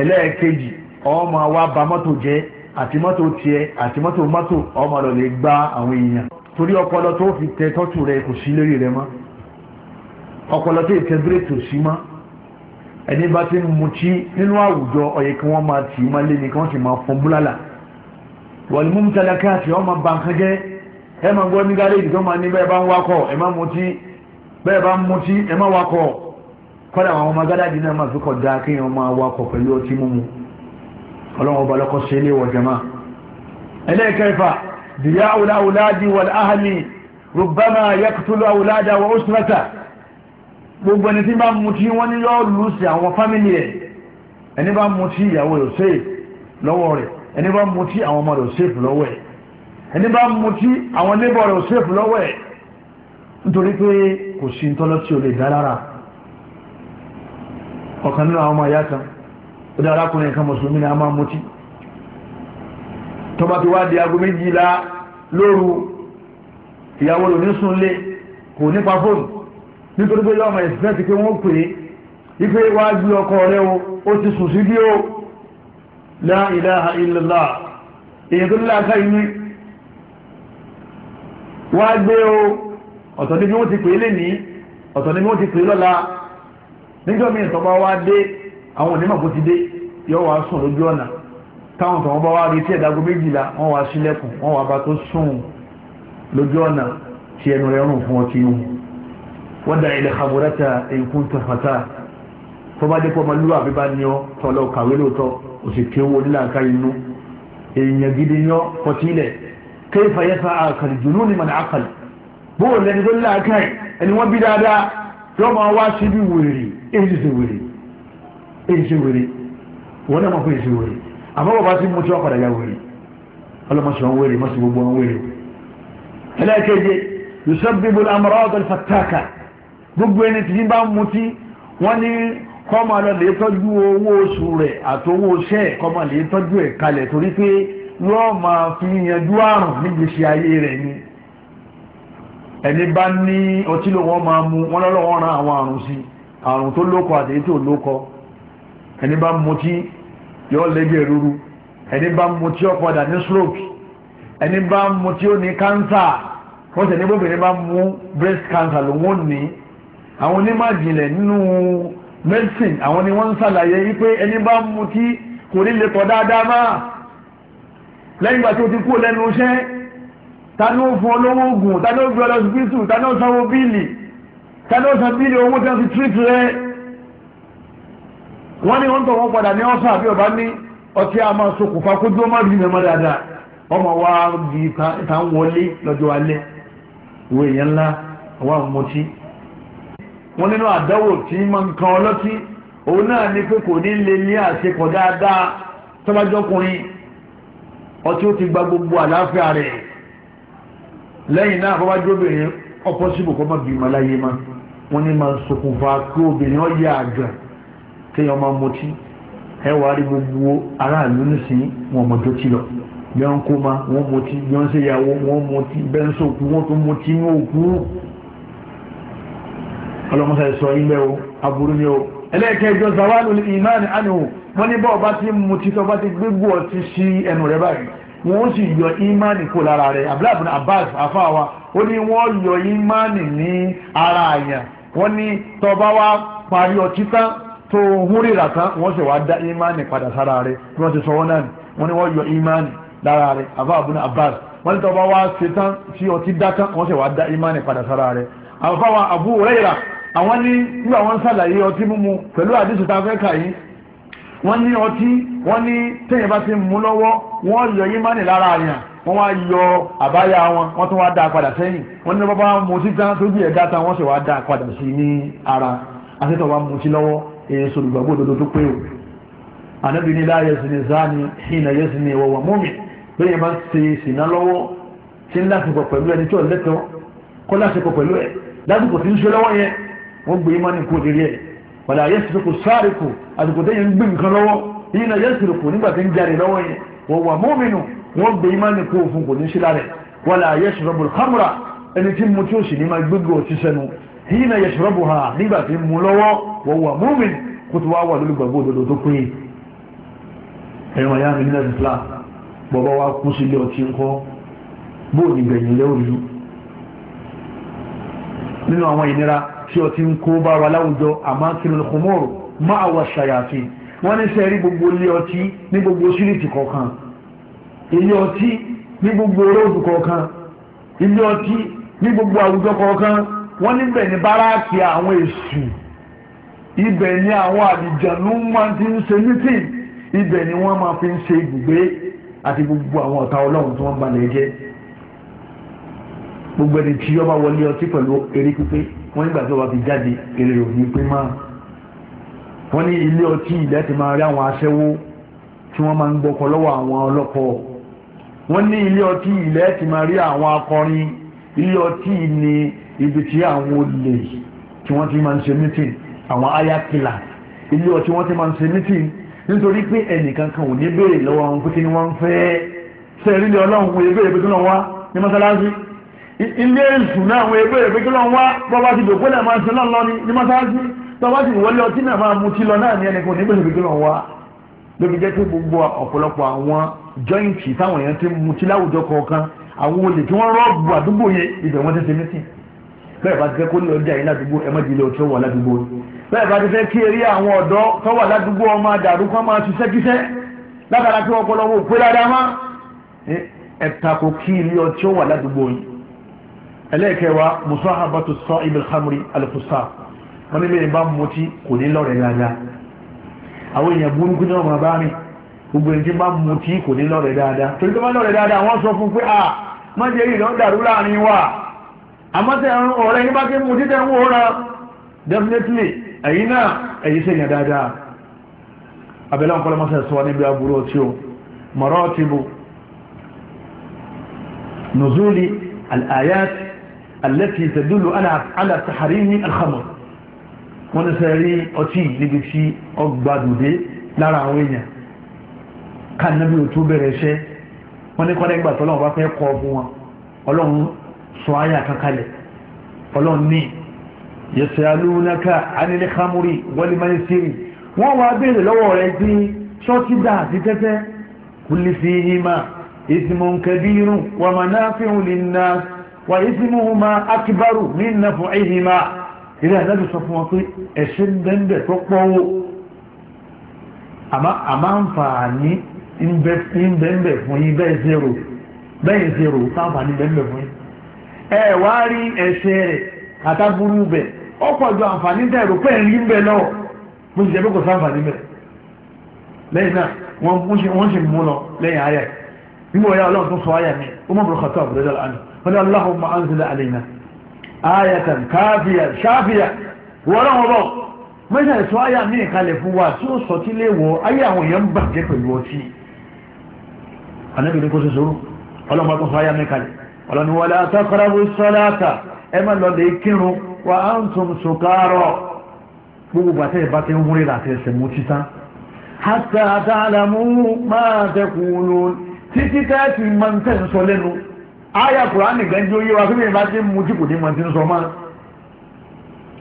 ẹlẹ́ẹ̀kejì ọmọ wa bà mọ́tò jẹ́ àti mọ́tò tiẹ̀ àti mọ́tò mọ́tò ọmọ rẹ̀ lè gba àwọn èèyàn torí ọpọlọ tó fi tẹ tọ́tù rẹ kò sí lórí rẹ mọ́ ọpọlọ tó tẹ bírèkì ò sí mọ́ ẹni bá ti ń mutí nínú àwùjọ ọ̀yẹ́ kí wọ́n máa tì í máa lé ní kí wọ́n sì máa fún búlálà wọ̀lú mú tẹ̀lé káàtì ọmọ bàǹkan jẹ́ ẹ máa gbọ́ ní gáréèjì tó máa ní bẹ́ẹ̀ bá ń wakọ̀ ẹ má mutí bẹ́ẹ̀ bá ń mutí ẹ má wakọ̀ kọ́dà àwọn ọmọ gádàdì náà máa fi kọ̀ dáa kéèyàn máa wakọ̀ pẹ̀lú ọtí mímu ọlọ́run ọba lọ́kọ́ ṣe ilé wọ̀ jẹ́mà ẹlẹ́ẹ̀kẹfà dìyà ọ̀làwùláàdì wal ahli rubama yaqtulu awlada wa usrata gbogbo ẹni tí bá mú tí wọ́n ní yóò lù sí àwọn fámìlì ẹ̀ ẹni bá mú tí ìyàwó rẹ̀ ṣe lọ́wọ́ rẹ̀ ẹni bá mú tí àwọn ọmọ rẹ̀ ṣe lọ́wọ́ ẹ̀ ẹni bá mú tí àwọn níbọ̀ rẹ̀ ṣe lọ́wọ́ ẹ̀ nítorí pé kò sí ntọ́lọ́ tí lè dá lára ọ̀kan nínú àwọn ọmọ ayá kan ó dá arákùnrin kan mùsùlùmí ni a máa mutí tọba ti wá di aago méjìlá lóru ìyàwó lò ní súnlé kò nípa fóònù nítorí pé yọmọ ìsìnkẹ́ ti pé wọ́n pè é ipe wá gbé ọkọ rẹ o ó ti sùn sí bí o la ilaha èyàn tó níláàká inú wá gbé o ọ̀tọ̀ níbi wọ́n ti pè é lé ọ̀tọ̀ níbi wọ́n ti pè é lọ́la níjọ́ mi ìtọ́ba wá dé àwọn onímọ̀ kò ti dé yọ wá sùn lójú ọ̀nà táwọn tó wọn bá wá retí ẹ̀dágún méjìlá wọn wá sílẹ̀kùn wọn wá bá tó sùn lójú ọ̀nà tí ẹnu rẹ̀ rùn fún ọtí mu wọ́n dá ilẹ̀ kàmúrẹ́ta èkó tẹ̀fọ́tà tó bá dé pọ́ ọmọlúwà bí bá ní ọ tọ́lọ kàwé lóòótọ́ òsì kéwò nílànká inú èèyàn gidi yọ fọtílẹ̀ kéfà yẹfà èyí ṣe wèrè wọn náà mọ̀ pé èyí ṣe wèrè àmọ́ bàbá tí mo ti wá padà ya wèrè ọlọ́mọṣẹ́ wọn wèrè mọ́sí gbogbo wọn wèrè ẹlẹ́ẹ̀kejì yusabbibu al-amrad al-fattaka gbogbo ẹni tí bá ń mutí wọ́n ní kọ́mọ lè tọ́jú owó oṣù rẹ̀ àtowó iṣẹ́ kọ́mọ lè tọ́jú ẹ̀ kalẹ̀ torí pé yóò máa fi yanjú àrùn níbi iṣẹ́ ayé rẹ̀ ni ẹni bá ní ọtí lòun máa mu wọn lọ́wọ́ ran àwọn àrùn sí àrùn tó lóko àtẹ̀yẹ́ tó lóko ẹni bá mutí yóò lẹ́gẹ̀ rúru ẹni bá mutí ó padà ní stroke ẹni bá mutí ó ní cancer wọ́n sì ní bóbìnrin bá mú breast cancer ló wọ́n ní àwọn onímọ̀jìnlẹ̀ nínú medicine àwọn ni wọ́n ń ṣàlàyé wípé ẹni bá mutí kò ní lè tọ́ dáadáa máa lẹ́yìn ìgbà tí o ti kú lẹ́nu iṣẹ́ ta ni fún olówó oògùn ta ni fi ọlọ́sibítù ta ni sanwó bíìlì ta ni san bíìlì owó tí wọ́n fi tírìtì rẹ̀. wọ́n ní wọ́n tọ̀ wọ́n padà ní ọ̀sán àbí ọ̀bá ní ọtí a máa ṣokùnfà kó dúró má bi mẹ́mọ́ dáadáa ọmọ wa di ìta ń wọlé lọ́jọ́ alẹ́ ìwé èèyàn ńlá àwọn àmọ́tí wọ́n nínú àdáwò tí máa ń kan ọlọ́tí òun náà ní pé kò ní lè ní àṣekọ̀ dáadáa tọ́bájọ́kùnrin ọtí ó ti gba gbogbo ala rẹ̀ lẹ́yìn náà fọwájú obìnrin kọ́ wọ́n ní máa obìnrin téèyàn máa mutí ẹ wàá rí gbogbo aráàlú nísìnyí wọn mọ̀ tó ti lọ bí wọn kó ma wọn mutí bí wọn ṣe yàwó wọn mutí bẹ́ẹ̀ ń sòkú wọn tó mutí ní òkú ọlọ́mọṣà ìsọ ilé o aburú ni o ẹlẹ́ẹ̀kẹjọ zawalu ìmáàni àniwò wọ́n ní bọ́ọ̀ bá ti mutí tó bá ti gbégbó ọtí sí ẹnu rẹ báyìí wọ́n sì yọ ìmáàni kó lára rẹ̀ abdulhamid abbas afáwa ó ní wọ́n yọ ìmáàni ní ara àyàn wọ́n ní tó bá parí ọtí tán tó hún rírà tán wọ́n sì wá dá imani padà sára rẹ̀ bí wọ́n ti sọ wọ́n náà ni wọ́n ní wọ́n yọ imani lára rẹ̀ àbá àbúnà abbas wọ́n ní tọ́ba wá ṣe tán tí ọtí dá tán wọ́n sì wá dá imani padà sára rẹ̀ àbúfá wa Abu Huraira àwọn ní nígbà wọn sàlàyé ọtí mímu pẹ̀lú àdìsí tá a fẹ́ kà yín wọ́n ní ọtí wọ́n ní téèyàn bá ti mú lọ́wọ́ wọ́n yọ imani lára rẹ̀ wọ́n wá yọ àbáyá wọn wọ́n tún wá dá a padà sẹ́yìn wọ́n ní bàbá mutí tán tó bí ẹ̀dá tán wọ́n sì wá dá a padà sí ní ara àti tọ́ba mutí lọ́wọ́ èso olùgbàgbọ́ òdodo tó pé o ànábì ní láàyè sinmi záni hìnà yẹ sinmi ìwọ̀wọ̀ múmi bẹ́ẹ̀ yẹn bá ṣe sìnà lọ́wọ́ tí ń láṣepọ̀ pẹ̀lú ẹni tí ò lẹ́tọ̀ọ́ kọ́ láṣepọ̀ pẹ̀lú ẹ̀ lásìkò tí ń ṣe lọ́wọ́ yẹn wọ́n gbé imá ní kó lérí ẹ̀ wàlá yẹ sìnkú àsìkò tẹ́yẹ ń gbé nǹkan lọ́wọ́ yìí náà nígbà tí ń hina yashrabuha nígbà tí mú lọ́wọ́ wọ̀wọ̀ múmin kó tó wá wà lórí gbàgbọ́ òdodo tó pé ẹ̀rọ ayá mi nílẹ̀ ìfúlá bọ́bá wa kú sílé ọtí ńkọ́ bóò ní gbẹ̀yìn lẹ́wọ̀n yìí nínú àwọn ìnira tí ọtí ń kó bá wa láwùjọ àmọ́ kí ló kò mọ́rò má àwọ̀ ṣàyàfi wọ́n ní sẹ́ rí gbogbo ilé ọtí ní gbogbo síríìtì kọ̀ọ̀kan ilé ọtí ní gbogbo róòdù kọ̀ọ̀kan ilé ọtí ní gbogbo àwùjọ kọ̀ọ̀kan wọ́n níbẹ̀ ní báráàkì àwọn èṣù ibẹ̀ ni àwọn àdìjànú máa ti ń ṣe mítìn ibẹ̀ ni wọ́n máa fi ń ṣe ibùgbé àti gbogbo àwọn ọ̀tá ọlọ́run tí wọ́n balẹ̀ jẹ́ gbogbo ẹni tí ọba wọlé ọtí pẹ̀lú eré pípé wọ́n nígbà tí ọba fi jáde eré òní pé máa wọ́n ní ilé ọtí ilẹ̀ ti máa rí àwọn aṣẹ́wó tí wọ́n máa ń gbọ́kọ lọ́wọ́ àwọn ọlọ́kọ̀ wọ́n ní ilé ọtí ilẹ̀ ti máa rí àwọn akọrin ilé ọtí ni ibi tí àwọn olè tí wọ́n ti máa ń ṣe mítìn àwọn ayakila ilé ọtí wọ́n ti máa ń ṣe mítìn nítorí pé ẹnìkan kan ò ní béèrè lọ́wọ́ àwọn pé kí ni wọ́n ń fẹ́ sẹ́ẹ̀rí ni ọlọ́run wọ́n ebéèrè pé kí lọ́n wá ní mọ́sálásí ilé ìsùn náà wọ́n ebéèrè pé kí lọ́n wá bọ́bá ti dòkó náà máa ń ṣe náà lọ ní mọ́sálásí tọ́ba ti wọlé ọtí náà máa mutí lọ náà ní ẹnìkan ò ní béèrè pé kí lọ́n wá lóbi jẹ́ pé gbogbo ọ̀pọ̀lọpọ̀ àwọn jọ́ìntì táwọn èèyàn ti mutí láwùjọ kọ̀ọ̀kan àwọn olè tí wọ́n rọ́ọ̀bù àdúgbò yẹn ibẹ̀ wọ́n ti ṣe mítìn bẹ́ẹ̀ bá ti fẹ́ kó ní ọjà yín ládùúgbò ẹ mọ́jì ilé ọtí ó wà ládùúgbò bẹ́ẹ̀ bá ti fẹ́ kí eré àwọn ọ̀dọ́ tó wà ládùúgbò ọmọ àdàrú kan máa ṣiṣẹ́ kíṣẹ́ látara kí ọpọlọ wọn ò pé dáadáa má ẹ tako kí ilé ọtí wà ládùúgbò yín ẹlẹ́ẹ̀kẹwàá musahabatu sọ ibil khamri alifusa wọn ní bẹ́ẹ̀ bá mutí kò ní lọ́rẹ̀ dáadáa àwọn èèyàn àmọ́ tẹ ẹ̀rùn ọ̀rẹ́ yín bá ké mu títẹ̀ ń wòra definitely ẹ̀yin náà ẹ̀yin ṣe yàn dáadáa abẹ́lẹ́ ọ̀pọ̀lọ́ máa sọ níbi aburú ọtí o maratibu nuzuli al-ayat allati tadullu ala tahrimi al-khamr wọ́n ní sẹ́ rí ọtí níbi tí ọgbàdùdé lára àwọn èèyàn ká nàbí òtún bẹ̀rẹ̀ iṣẹ́ wọ́n ní kọ́ sọ àyà kankalẹ̀ ọlọ́run ní yasalunaka anil khamri wal maisiri wọ́n wá béèrè lọ́wọ́ rẹ̀ sí ṣọ́tídà àti tẹ́tẹ́ kulli fihima ismun kabirun wa manafi'u linnas wa ismuhuma akbaru min naf'ihima ilé àdájọ sọ fún wọn pé ẹ̀ṣẹ̀ bẹ́ẹ̀ tó pọ́wọ́ àmá ń fa fún yín bẹ́ẹ̀ zero bẹ́ẹ̀ zero sáǹfà ní fún yín ẹ wá rí ẹsẹ̀ rẹ̀ àtàbúrú bẹ̀ ọ̀pọ̀ ju àǹfààní tẹ̀ rò pé ẹ̀rí ń bẹ lọ́wọ́ bó ṣe jẹ́ kò sáǹfààní bẹ̀ lẹ́yìn náà wọ́n ṣe mú lọ lẹ́yìn ayà nígbà wọ́n ọlọ́run tó sọ ayà mi ó mọ̀ bùrọ̀ kàtó àbúrẹ́dọ̀ àná wọ́n káfíà ṣáfíà wọ́n wọ́n bọ̀ mi fún wa tí ó sọ tí lè ayé àwọn èèyàn bàjẹ́ pẹ̀lú ọtí anábìrin ṣe sọ́rọ̀ ọlọ́run bá tó sọ mi ọlọ́ni wà látàkọ́rọ̀bù sọ́láàtà ẹ má lọ lè kírun wà á ń tún sùkárọ̀ gbogbo àti ìbá ti ń wúrí àti ẹsẹ̀ mú títà hátà àtàlàmú máa tẹkùn lóun títí tẹ́ẹ̀tì máa ń tẹ̀ sọ lẹ́nu àyà kùránì gẹ́jú yíwa fún mi bá ti mú jù ní mọ̀ ń sọ máa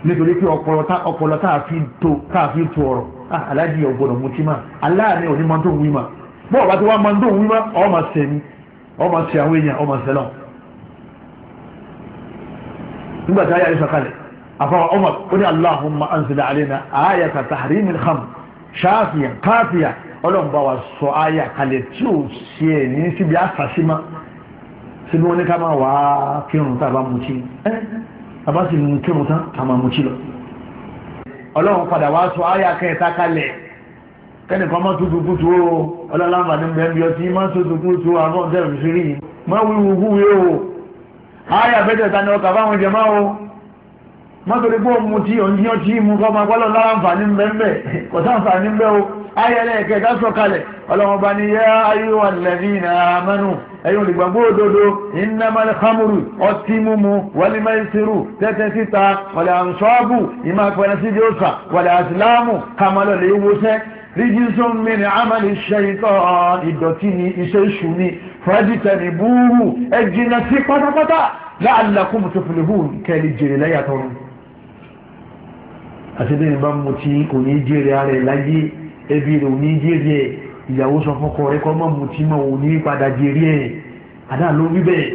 nítorí pé ọpọlọ tá ah, tó ọ̀rọ̀ aláàjì ọ̀gbọ̀dọ̀ mú tí máa aláàrin òní máa tó bọ́ọ̀ bá ti wá máa tó wí máa ọ máa àwọn èèyàn ọ máa nígbà tí ayé àyíṣàkalẹ̀ àfọwọ́ Umar ó ní Allahumma anzil alayna ayata tahrimil khamr ṣáàfìyà káàfìyà ọlọ́mùbá wa sọ ayé àkàlẹ̀ tí ò ṣe ẹ̀ ní síbi àṣàṣímá síbi wọn ní ká máa wá kírun tá a bá mú kí ẹ a bá sì mú kírun tán a máa mú kí lọ. ọlọ́run padà wá sọ ayé akẹ́ta kalẹ̀ kẹ́nìkan má tutù kútu o ọlọ́lá àǹfààní bẹ́ẹ̀ bí ọtí má tutù kútu àwọn ọ̀dẹ́rùn ayà bẹ́tẹ̀ ta ni ọkà fáwọn jẹmọ́ o mọ́tòrí pé òun tí òun yán tí mú kọ́ máa pọ́lọ̀ lára nfààní mbẹ́mbẹ́ kò sáǹfààní mbẹ́ o ayà ẹlẹ́ẹ̀kẹ́ ká sọ kalẹ̀ ọlọ́run bá ní yá ayé wà lẹ́bí ní amánú ẹ̀yìn olùgbàgbọ́ òdodo innamal khamru ọtí mímu wal maisiru tẹ́tẹ́ síta wal ansọ́ọ̀bù ìmọ̀ rígísùn mìíràn àmàlì ṣe ìtọ́ ìdọ̀tí ni iṣẹ́ ìṣù ni fẹ́dítẹ̀rì búrú ẹ̀jìnà sí pátápátá láàlàkùn mùtòfìlìhù kẹ́lì jèrè lẹ́yà tọrọ àti bí nìbá mo ti kò ní jèrè ara ẹ̀ láyé ẹbí rẹ̀ ò ní jèrè ẹ̀ ìyàwó sọ fún ọkọ rẹ̀ kọ́ mọ́ mo ti mọ̀ ò ní padà jèrè ẹ̀ àdá ló wí bẹ́ẹ̀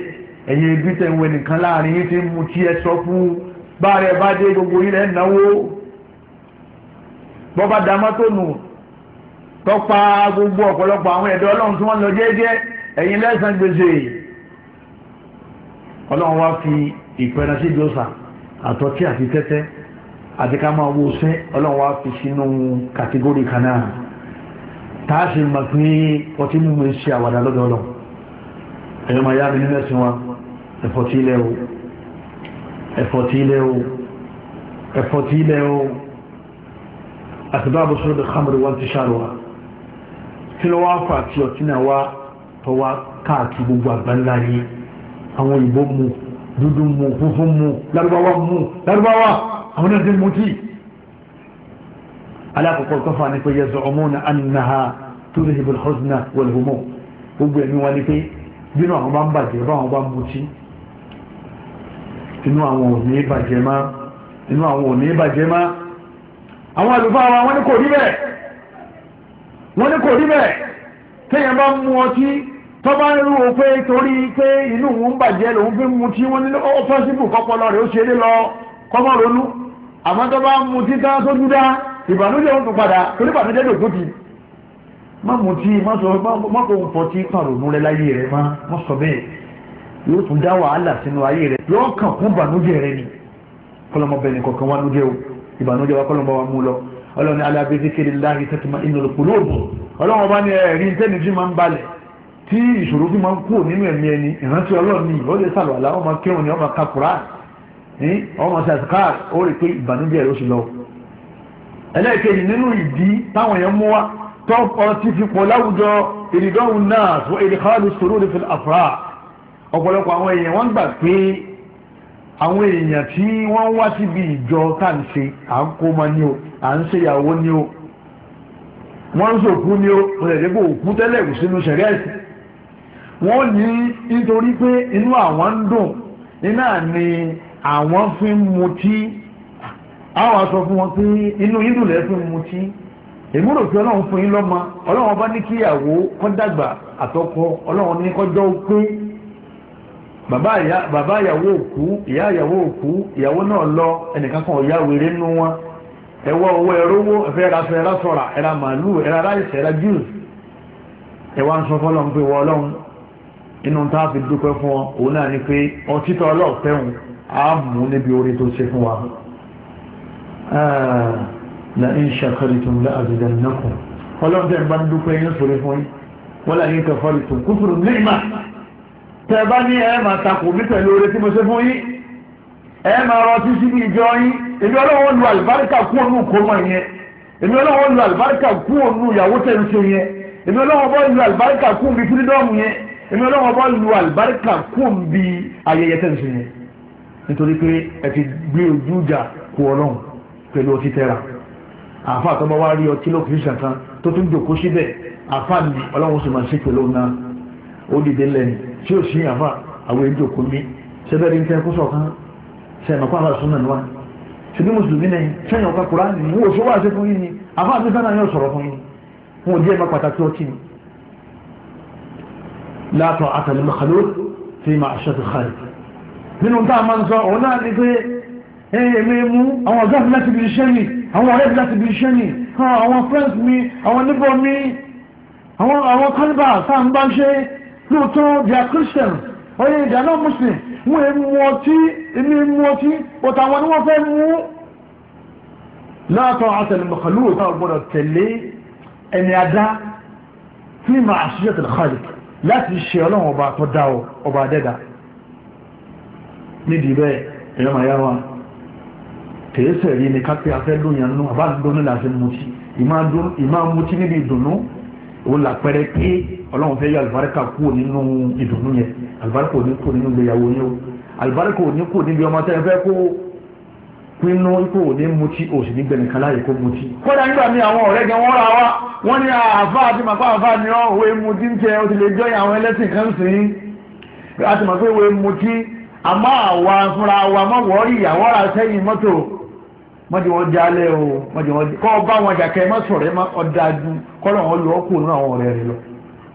ẹ̀yin ibi tẹ̀ wẹ̀ nìkan láàrin yín ti mu tí ẹ sọ fún bá rẹ̀ bá dé gbogbo ilẹ̀ náwó bọ́ bá dá mọ́tò nù tọ́pa gbogbo ọ̀pọ̀lọpọ̀ àwọn ẹ̀dọ́ ọlọ́run tí wọ́n lọ jẹ́jẹ́ ẹ̀yin lẹ́sàn gbèsè ọlọ́run wá fi ìpẹ̀rẹ̀ sí ìjọsà àtọ́tí àti tẹ́tẹ́ àti ká máa wo sẹ́ ọlọ́run wá fi sínú kàtígórì kan náà tá a sì mọ̀ pé ọtí mímu ń ṣe àwàdà lọ́dọ̀ ọlọ́run ẹ̀yọ́ máa yá mi nínú ẹ̀sìn wa ẹ̀fọ́ tí ilẹ̀ o ẹ̀fọ́ tí ilẹ̀ o ẹ̀fọ́ tí ilẹ̀ o àti báàbò sọ́dọ̀ khamri wa ti ṣàrọ̀ kí ló wá fà tí ọtí náà wá tó wá káàkiri gbogbo àgbáńlá yìí àwọn òyìnbó mu dúdú mu funfun mu lárúbáwá mu lárúbáwá àwọn náà ti mutí alákòókò tó fà ní pé yẹ zọ̀ọ́mọ́ na annaha turhibul huzna wal humum gbogbo ẹ̀mí wọn ni pé bínú àwọn bá ń bàjẹ́ báwọn bá ń mutí inú àwọn òní bàjẹ́ má inú àwọn òní bàjẹ́ má àwọn àlùfáà wọn ni kò rí bẹ́ẹ̀ wọ́n ní kò rí bẹ́ẹ̀ téèyàn bá mú ọtí tó bá ń rú o pé torí pé inú òun bàjẹ́ lòun fi ń mu tí wọ́n ní ó pọ́sibù kọ́pọlọ rẹ̀ ó ṣe é lọ kọ́mọ ronú àmọ́ tó bá ń mu tí ká sójú dá ìbànújẹ́ òun tó padà torí ìbànújẹ́ lòdò ti má mu tí má sọ má kó fọ tí kàn ronú rẹ láyé rẹ má má sọ bẹ́ẹ̀ yóò tún dá wàhálà sínú ayé rẹ yóò kàn fún ìbànújẹ́ rẹ ni kọ́lọ́mọ bẹ́ẹ̀ ni kọ̀ọ̀kan wá nújẹ́ o ìbànújẹ́ wa kọ́lọ́mọ ọlọ́ni alábi zikiri láhi tẹ́tùmá inú kúlóòbù ọlọ́wọ́n bá ní ẹ̀rí tẹ́ni tí máa ń balẹ̀ tí ìṣòro fi máa ń kú nínú ẹ̀mí ẹni ìrántí ọlọ́ọ̀ni ó lè sàlọ̀ àlá kírun ni ọmọ kakura ọmọ sàkáà ó rí pé ìbànújẹ́ ló sì lọ. ẹlẹ́ẹ̀kejì nínú ìdí táwọn èèyàn mú wa tó ọtí fi pọ̀ láwùjọ ìrìndọ́hùn náà fún èdè àwọn èèyàn tí wọ́n wá síbi ìjọ tá à ń ṣe à ń kó ma ní o à ń ṣèyàwó ni o wọ́n ń sòkú ní o ọ̀rẹ́dẹ́gbò òkú tẹ́lẹ̀ kù sínú sẹ̀rẹ́ẹ̀sì wọ́n ní nítorí pé inú àwọn ń dùn iná ni àwọn fi ń mutí sọ fún wọn pé inú fi mutí ọlọ́run fún yín lọ́mọ ọlọ́run bá ní kíyàwó dàgbà bàbá ìyàwó òkú ìyá ìyàwó òkú ìyàwó náà lọ ẹnìkan kan ọ̀yá wèrè nú wọn ẹwọ́ owó ẹrówó ẹfẹ́ rafẹ́ ẹra sọ̀rà ẹra màálù ẹra ráìsì ẹra jùs ẹwà ń sọ fọ́lọ́n pé wọ́n ọlọ́run inú tá a fi dúpẹ́ fún ọ òun náà ni pé ọtí tọ́ ọlọ́ọ̀fẹ́hùn á mú níbi orí tó ṣe fún wa. Ah, la in shakartum la azidannakum ọlọ́run tẹ̀ ń bá ń dúpẹ́ yín sórí fún yín wala in kafartum tẹ bá ní ẹ máa takò mí pẹ̀lú oore tí mo ṣe fún yín ẹ máa rọ títí ní ìjọ yín èmi ọlọ́wọ́ lu àlùbáríkà kú ònú kọ́mọ yẹn èmi ọlọ́wọ́ lu àlùbáríkà kú ònú ìyàwó tẹ̀ ń ṣe yẹn èmi ọlọ́wọ́ bọ́ lu àlùbáríkà kú òbí fírídọ́ọ̀mù yẹn èmi ọlọ́wọ́ bọ́ lu àlùbáríkà kú òbí ayẹyẹ tẹ̀ ṣe yẹn nítorí pé ẹ ti gbé ojú ìjà kú ọlọ́run pẹ̀lú ọtí tẹ́ra tí ó sin àfa àwọn èdè òkú mi sẹ́bẹ̀rì ń tẹ́ kó sọ̀ kan sẹ́yìn ọ̀pá àbá súnmọ̀ níwá mùsùlùmí náà sẹ́yìn ọ̀pá kùránì ní wọ́n sọ́wọ́ àti fún yín ni àfa àti sẹ́yìn yóò sọ̀rọ̀ fún yín wọn ò díẹ̀ má pàtàkì ọtí ni. látọ̀ àtàlẹ́ mọ̀kàló fi máa ṣe ti xarì. nínú tá a máa ń sọ òun náà ni pé èmi mú àwọn ọ̀gá mi láti bí mi àwọn ọ̀rẹ́ mi láti bí mi àwọn friends mi àwọn níbọ̀ mi àwọn kálíbà tá à ń bá ṣe lóòótọ́ they are christian oye they are not muslim wọ́n èé mu ọtí èmi èé mu ọtí but àwọn ni wọ́n fẹ́ mú látọ̀ àtẹlẹ mọ̀kànlú òkú àwọn gbọ́dọ̀ tẹ̀lé ẹni adá tí mà á ṣiṣẹ́ tẹ̀lé xaalì láti ṣe ọlọ́run ọba tó dá o ọba adẹ́dá nídìí bẹ́ẹ̀ ẹ̀rọ màá yá wa tẹ̀sẹ̀ rí ni kápẹ́ afẹ́ lóyún nù àbá dúró ní làásì mutí ìmáa mutí níbi ìdùnnú òun làpẹrẹ pé ọlọ́run fẹ́ yọ àlùbáríkà kúrò nínú ìdùnnú yẹn àlùbáríkà ò ní kúrò nínú ìgbéyàwó yẹn o àlùbáríkà ò ní kúrò níbi ọmọ tẹ́ ẹ fẹ́ kó pinnu ipò ò ní mutí ò sì ní gbẹ̀nìkan láyè kó mutí. kódà nígbà míì àwọn ọ̀rẹ́ gan wọ́n ra wa wọ́n ní àáfà àti màkà àáfà ni ọ́ òwe mutí ń tẹ o ti lè jọyìn àwọn ẹlẹ́sìn kan sí i a ti òwe mutí àmọ́ àwa fúnra wa mọ̀ wọ́ọ́rì ìyàwó ra sẹ́yìn mọ́tò mọ́tò wọn jalè o mọ́tò wọn kọ́ bá wọn jàkẹ́ mọ́tò rẹ̀ ọ̀dà ju kọ́lọ̀ wọn lọ́ọ́ kù nínú àwọn ọ̀rẹ́ rẹ̀ lọ.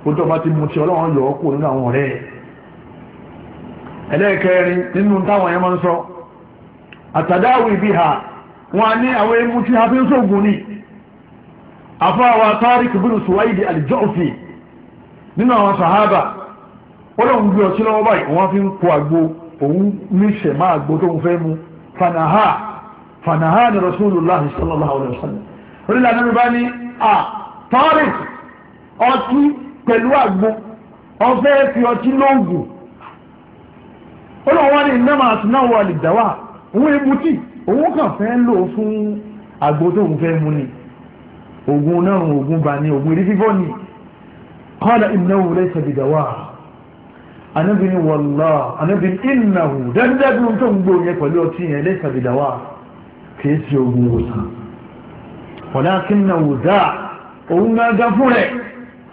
kótó ọba ti mutí ọlọ́run yọ ọ́ kó nínú àwọn ọ̀rẹ́ ẹ̀ ẹlẹ́ẹ̀kẹrin nínú táwọn yẹn ń sọ àtàdáwì bí ha wọn ní àwọn emu tí hafi ń sóògùn ni àfọwà Tariq bin Suwaidi al-Ju'fi nínú àwọn sàhábà ọlọ́run gbé ọtí lọ́wọ́ báyìí fi ń kó àgbo òun ní sẹ̀má àgbo tó ń fẹ́ mu fanaha fanaha ni Rasulullah sallallahu alaihi wasallam orílẹ̀ bá ní Tariq ọtí pẹ̀lú àgbo ọfẹ́ fi ọtí lóògùn ó ní ìnáma àti náà wà lè dáwà òun ebu tí òun kàn fẹ́ lò fún àgbo tó òun fẹ́ mu ni ògùn náà ògùn bá ní ògùn ìrísífọ́ ni kọ́lá ìnáwó rẹ̀ ṣẹ̀bi dáwà anabi ni wàllá tó ń pẹ̀lú ọtí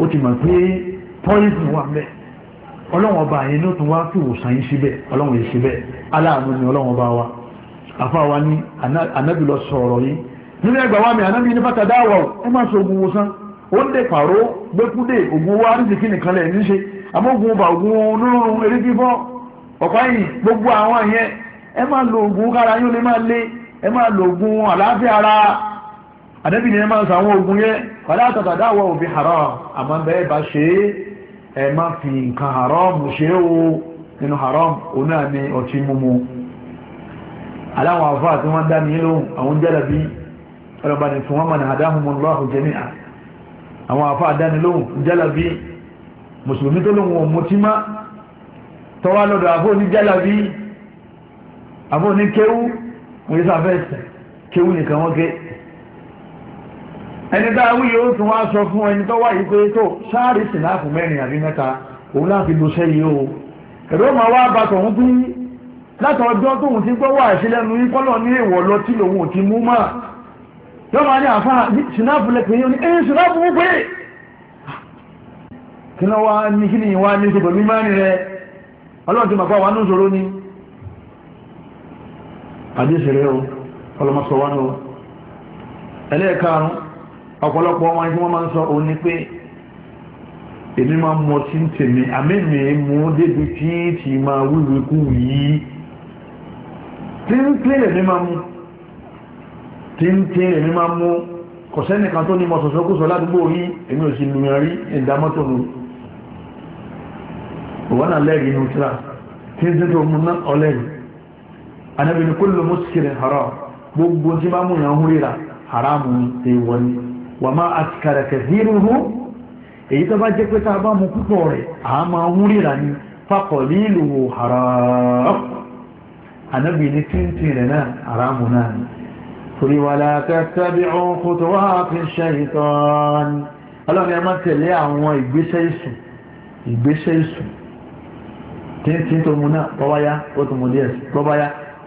ó ti mọ̀ pé pọ́ìsì wà mẹ́ ọlọ́wọ́n ọba yẹn ló tún wá fi ìwòsàn yín síbẹ̀ ọlọ́wọ́n yìí síbẹ̀ aláàánú ni ọlọ́wọ́n ọba wa àfa wa ní anábì lọ sọ̀rọ̀ yìí nínú ẹgbàá wa mi anábì ní bàtà dáwà o ẹ má sọ ogun wòsàn ó ń dè pàrọ̀ gbẹ́kúdè ogun wa arísìkí nìkan lẹ̀ ní ṣe àmọ́ ogun ọba ogun onírúurú eré fífọ́ ọ̀pá yìí gbogbo àwọn yẹn ẹ má lo ogun kára yín ó lè má lé ẹ má lo ogun àlàáfíà ara àdẹ́bì ni ẹ máa ń sàwọn ogun yẹ wàlá àtàtàdá àwọ̀ òbí haram àmọ́ bẹ́ẹ̀ bá ṣe é ẹ má fi nǹkan haram ṣe o nínú haram òun náà ni ọtí mímu aláwọn àfáà tí wọ́n dá ní lóhùn àwọn jẹ́lẹ̀bí ọlọ́ba ní fún wọn mọ̀ ní adáhùnmọ́lọ́hù jẹ́míà àwọn àfáà dá ní lóhùn mùsùlùmí tó lóhùn ọmọtímá tọ́wá lọ́dọ̀ àfọ́ ní jẹ́lẹ̀bí àfọ́ ní kéwú wọ́n yẹ sáfẹ́ kéwú nìkan wọ́n kéwú ẹni tá a wí yóò tún wá sọ fún ẹni tó wà yìí pé tó sáàrì sì náà fún mẹ́rin àbí o ẹ̀rọ máa wá bá tọ̀hún pín láti ọjọ tóun ti gbọ́ wà sílẹ̀nu yìí kọ́lọ̀ ní èèwọ̀ lọ tí lòun ò ti mú yóò máa ní àfa sinapu lẹ́pẹ̀ yóò ní sinapu kí ní kí ni ní pẹ̀lú mẹ́rin rẹ ọlọ́run ti mọ̀ pé àwọn ọ̀pọ̀lọpọ̀ wọn tí wọ́n máa ń sọ òun ni pé èmi máa mú ọtí ń tèmi àmẹ́mì mú débi tí tì máa wíwèé kú yìí tíntín èmi máa mú tíntín èmi máa mú kọ̀sẹ́nìkan tó ní mọ sọ̀sọ́kùsọ ládùúgbò rí èmi ò sì lùyàn rí ìdámọ́tò nù òwọ́n náà lẹ́rìí inú tíra tíntín tó mú ná ọlẹ́rìí anábìnrin kúlù haram gbogbo tí bá mú yàn ń húrira haramu ni èèwọ̀ ni wà máa àtìkàrà kẹsìrì hù èyí tó bá jẹ́ pé tá a bá mu púpọ̀ rẹ̀ a máa ń ríra ni fakọ̀lì ìlú haram anábì ní tíntín rẹ̀ náà haramu ìgbésẹ̀ ìsùn ìgbésẹ̀ ìsùn tíntín tó mu náà bọ́báyá ó tó mu díẹ̀ bọ́báyá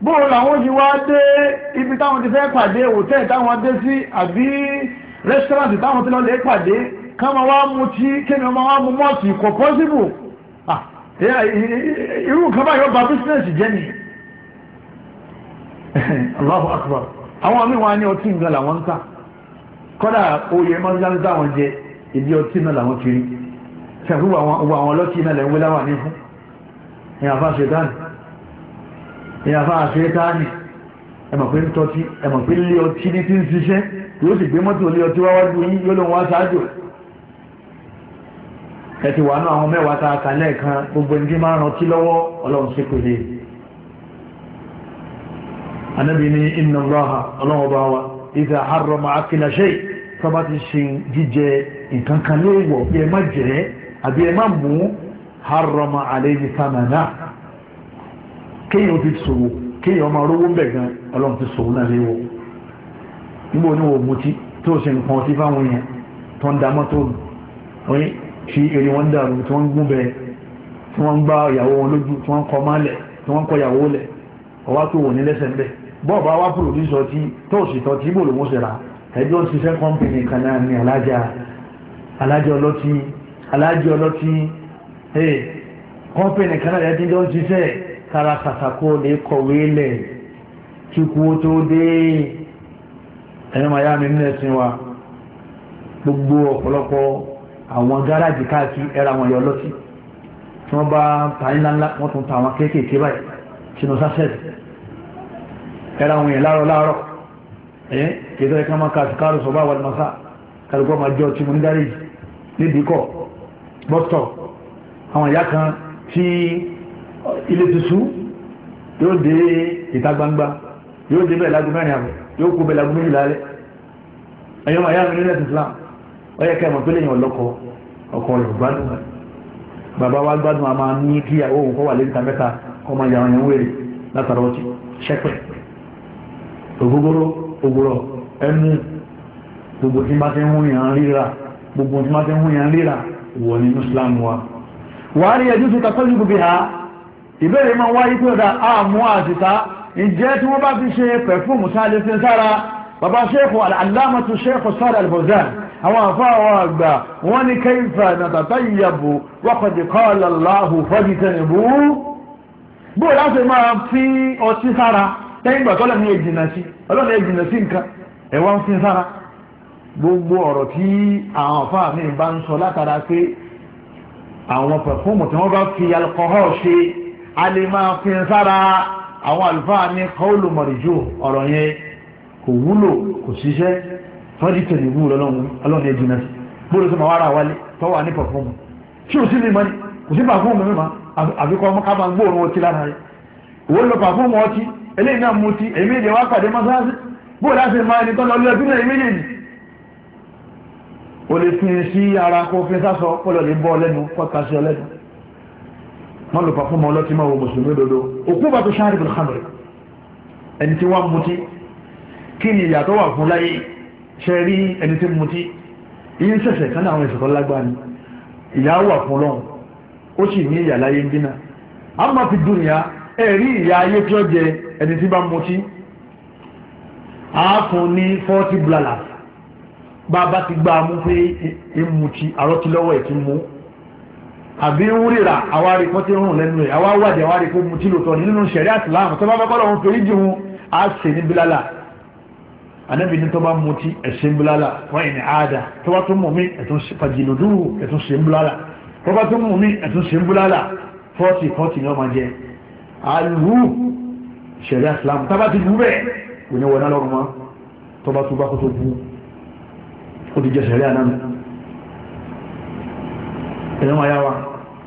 bóò làwọn yìí wá dé ibi táwọn ti fẹ́ pàdé hòtẹ́ẹ̀ táwọn dé sí àbí rẹ́sítọ́rántì táwọn ti lọ lè pàdé káwọn wá mu tí kémi ọmọ wá mu mọ́ọ̀tì kò pọ́sibù irú nǹkan báyìí ó ba bísíǹsì jẹ́ ni Allahu akbar àwọn míì wá ní ọtí nǹkan làwọn ń ta kọ́dà oyè mọ́sálásí táwọn jẹ ìdí ọtí náà làwọn kiri ṣàkóso àwọn ọlọ́tí náà lẹ́wọ́ láwà ní fún ẹ̀yàn àfáṣe dánù èyàn fà ṣẹ́tánì ẹmọ̀ pé ń lé ọtí ní tí ń ṣiṣẹ́ yóò sì gbé mọ́tò lé ọtí wáwájú yín yóò lóun wá ṣáájú na ti wà náà àwọn mẹ́wàá tá a kà lẹ́ẹ̀kan gbogbo ẹni tí máa ń rántí lọ́wọ́ ọlọ́run ṣe anábì ní inna Allaha ọlọ́run bá wa idha harrama akila shay ti ṣe jíjẹ nǹkan kan bí ẹ má jẹ́ àbí ẹ má mú kéèyàn ti ṣòwò kéèyàn ọmọ rówó bẹ̀ gan ọlọ́run ti ṣòwò náà léwọ́ níbo ni wọ́n mutí tó ṣe nǹkan ọtí fáwọn yẹn tó ń da mọ́tò oyin fi èrè wọn dàrú tí wọ́n ń gún bẹ́ẹ̀ tí wọ́n ń gbá ìyàwó wọn lójú tí wọ́n ń kọ́ máa lẹ̀ tí wọ́n ń kọ́ ìyàwó lẹ̀ ọwá tó wò ní lẹ́sẹ̀ ń bẹ̀ bọ́ọ̀bá wá pòròdúsọ tí tó kára kàkàkó lè kọ̀wé lẹ̀ kí kú ó tó dé ẹ̀yọ́ màá yá mi nínú ẹ̀sìn wa gbogbo ọ̀pọ̀lọpọ̀ àwọn gáràjì káàkiri ẹ̀rọ àwọn ẹ̀yọ́ lọ́sí tí wọ́n bá tàyín ńláńlá wọ́n tún ta àwọn kéékèèké báyìí sínú sásẹ̀tì ẹ̀rọ àwọn èèyàn láàárọ̀ láàárọ̀ ẹ̀ kí ẹ̀dọ́ ẹ̀ka máa kàtí káàrọ̀ wà lọ́sà kálukọ́ máa jẹ́ ọtí mo ní gáràjì nídìíkọ̀ bọ́tọ̀ àwọn ìyá kan tí ilé tuntun yóò dé ìta gbangba yóò dé bẹ́ẹ̀ lágùn mẹ́rin àbọ̀ yóò kú bẹ́ẹ̀ lágùn méjì lálẹ́ ẹ̀yọ́ màá yá mi nílẹ̀ Islam ó yẹ kẹ́mọ̀ tó lẹ́yìn ọlọ́kọ ọkọ rẹ̀ gbádùn bàbá wa gbádùn a máa ní kí òun kọ́ wà lé níta mẹ́ta kọ́ máa yàrá yẹn wéèrè látara ọtí ṣẹ́pẹ̀ ògógóró ògùrọ̀ ẹnu gbogbo tí máa ti ń húnyàn ríra gbogbo tí máa ti ń húnyàn ríra wọ̀ nínú Islam wa wàá rí ẹjú tó ta pẹ́lú gbogbo ha ìbéèrè máa wáyé tó dá àmú àtìta ìjẹ́ tí wọ́n bá fi ṣe pẹ̀fúmù sáàlẹ̀ sí sára bàbá ṣẹ́kù aláàmàtú ṣẹ́kù sára albozan àwọn àfáàwọ̀ àgbà wọ́n ní kẹfà nàtàtà ìyàbò wọ́kọ̀dì kọ́ọ̀lọ́láhù fọ́dìtẹ̀nìbú bó láti máa fi ọtí sára tẹ́yìnbà tọ́lọ́ni èjìnà sí ọlọ́ni èjìnà sí nǹkan ẹ̀wọ́n fi àwọn àfáà tí wọ́n bá fi alkọ́họ́ ṣe a lè máa fi sára àwọn àlùfáà ní kọ́ọ̀lù mọ̀rìjù ọ̀rọ̀ yẹn kò wúlò kò ṣiṣẹ́ fọ́dí tẹ̀lébù ọlọ́run yẹn jìnnà sí bóòlù tó máa wára wálé tó wà ní pàfọ́ọ̀mù tí ò sí lè mọ́ni kò sí pàfọ́ọ̀mù mímọ́ àfikọ́ ọmọ ká máa gbóòrùn ọtí lára rẹ̀ ìwọ lọ pàfọ́ọ̀mù ọtí eléyìí náà mutí èmi èdè wá pàdé má lò pàfọ́mù ọlọ́tí máa wo mùsùlùmí dodo òkú bàtú sáré bìlù khamri ẹni tí wọ́n mutí kí ni ìyàtọ̀ wà fún láyé ṣe rí ẹni tí mutí iye ń ṣẹ̀ṣẹ̀ kan àwọn ìṣẹ̀kọ́ lágbára ni ìyá wà fún lọ́hùn ó sì ní ìyà láyé ń dínà a máa fi dùn ìyá ẹ̀rí ìyá ayé tí ó jẹ ẹni tí bá mutí a fún ní fọ́tí blala bá a bá ti gbá a mú pé ń mutí àrọ́tí lọ́wọ́ ẹ̀ ti mú àbí ń ríra àwa rí kọ́ tí ń rùn lẹ́nu ẹ̀ àwa wádìí àwa rí kó mu tí lóòótọ́ nínú sẹ̀rí àtìláàmù tó bá bá kọ́lọ̀ òun fèrè jìun á sè ní bílálà anábì ní tó bá mu tí ẹ̀sìn bílálà wọ́n yìí ní àádá tó bá tún mú mi ẹ̀tún fàjìlódú ẹ̀tún sè ń bílálà tó bá tún mú mi ẹ̀tún sè ń bílálà fọ́ọ̀tì fọ́ọ̀tì ni wọ́n máa jẹ àlù sẹ̀rí àtìláàmù tó bá ti bú bẹ́ẹ̀ kò ní wọ́n náà wa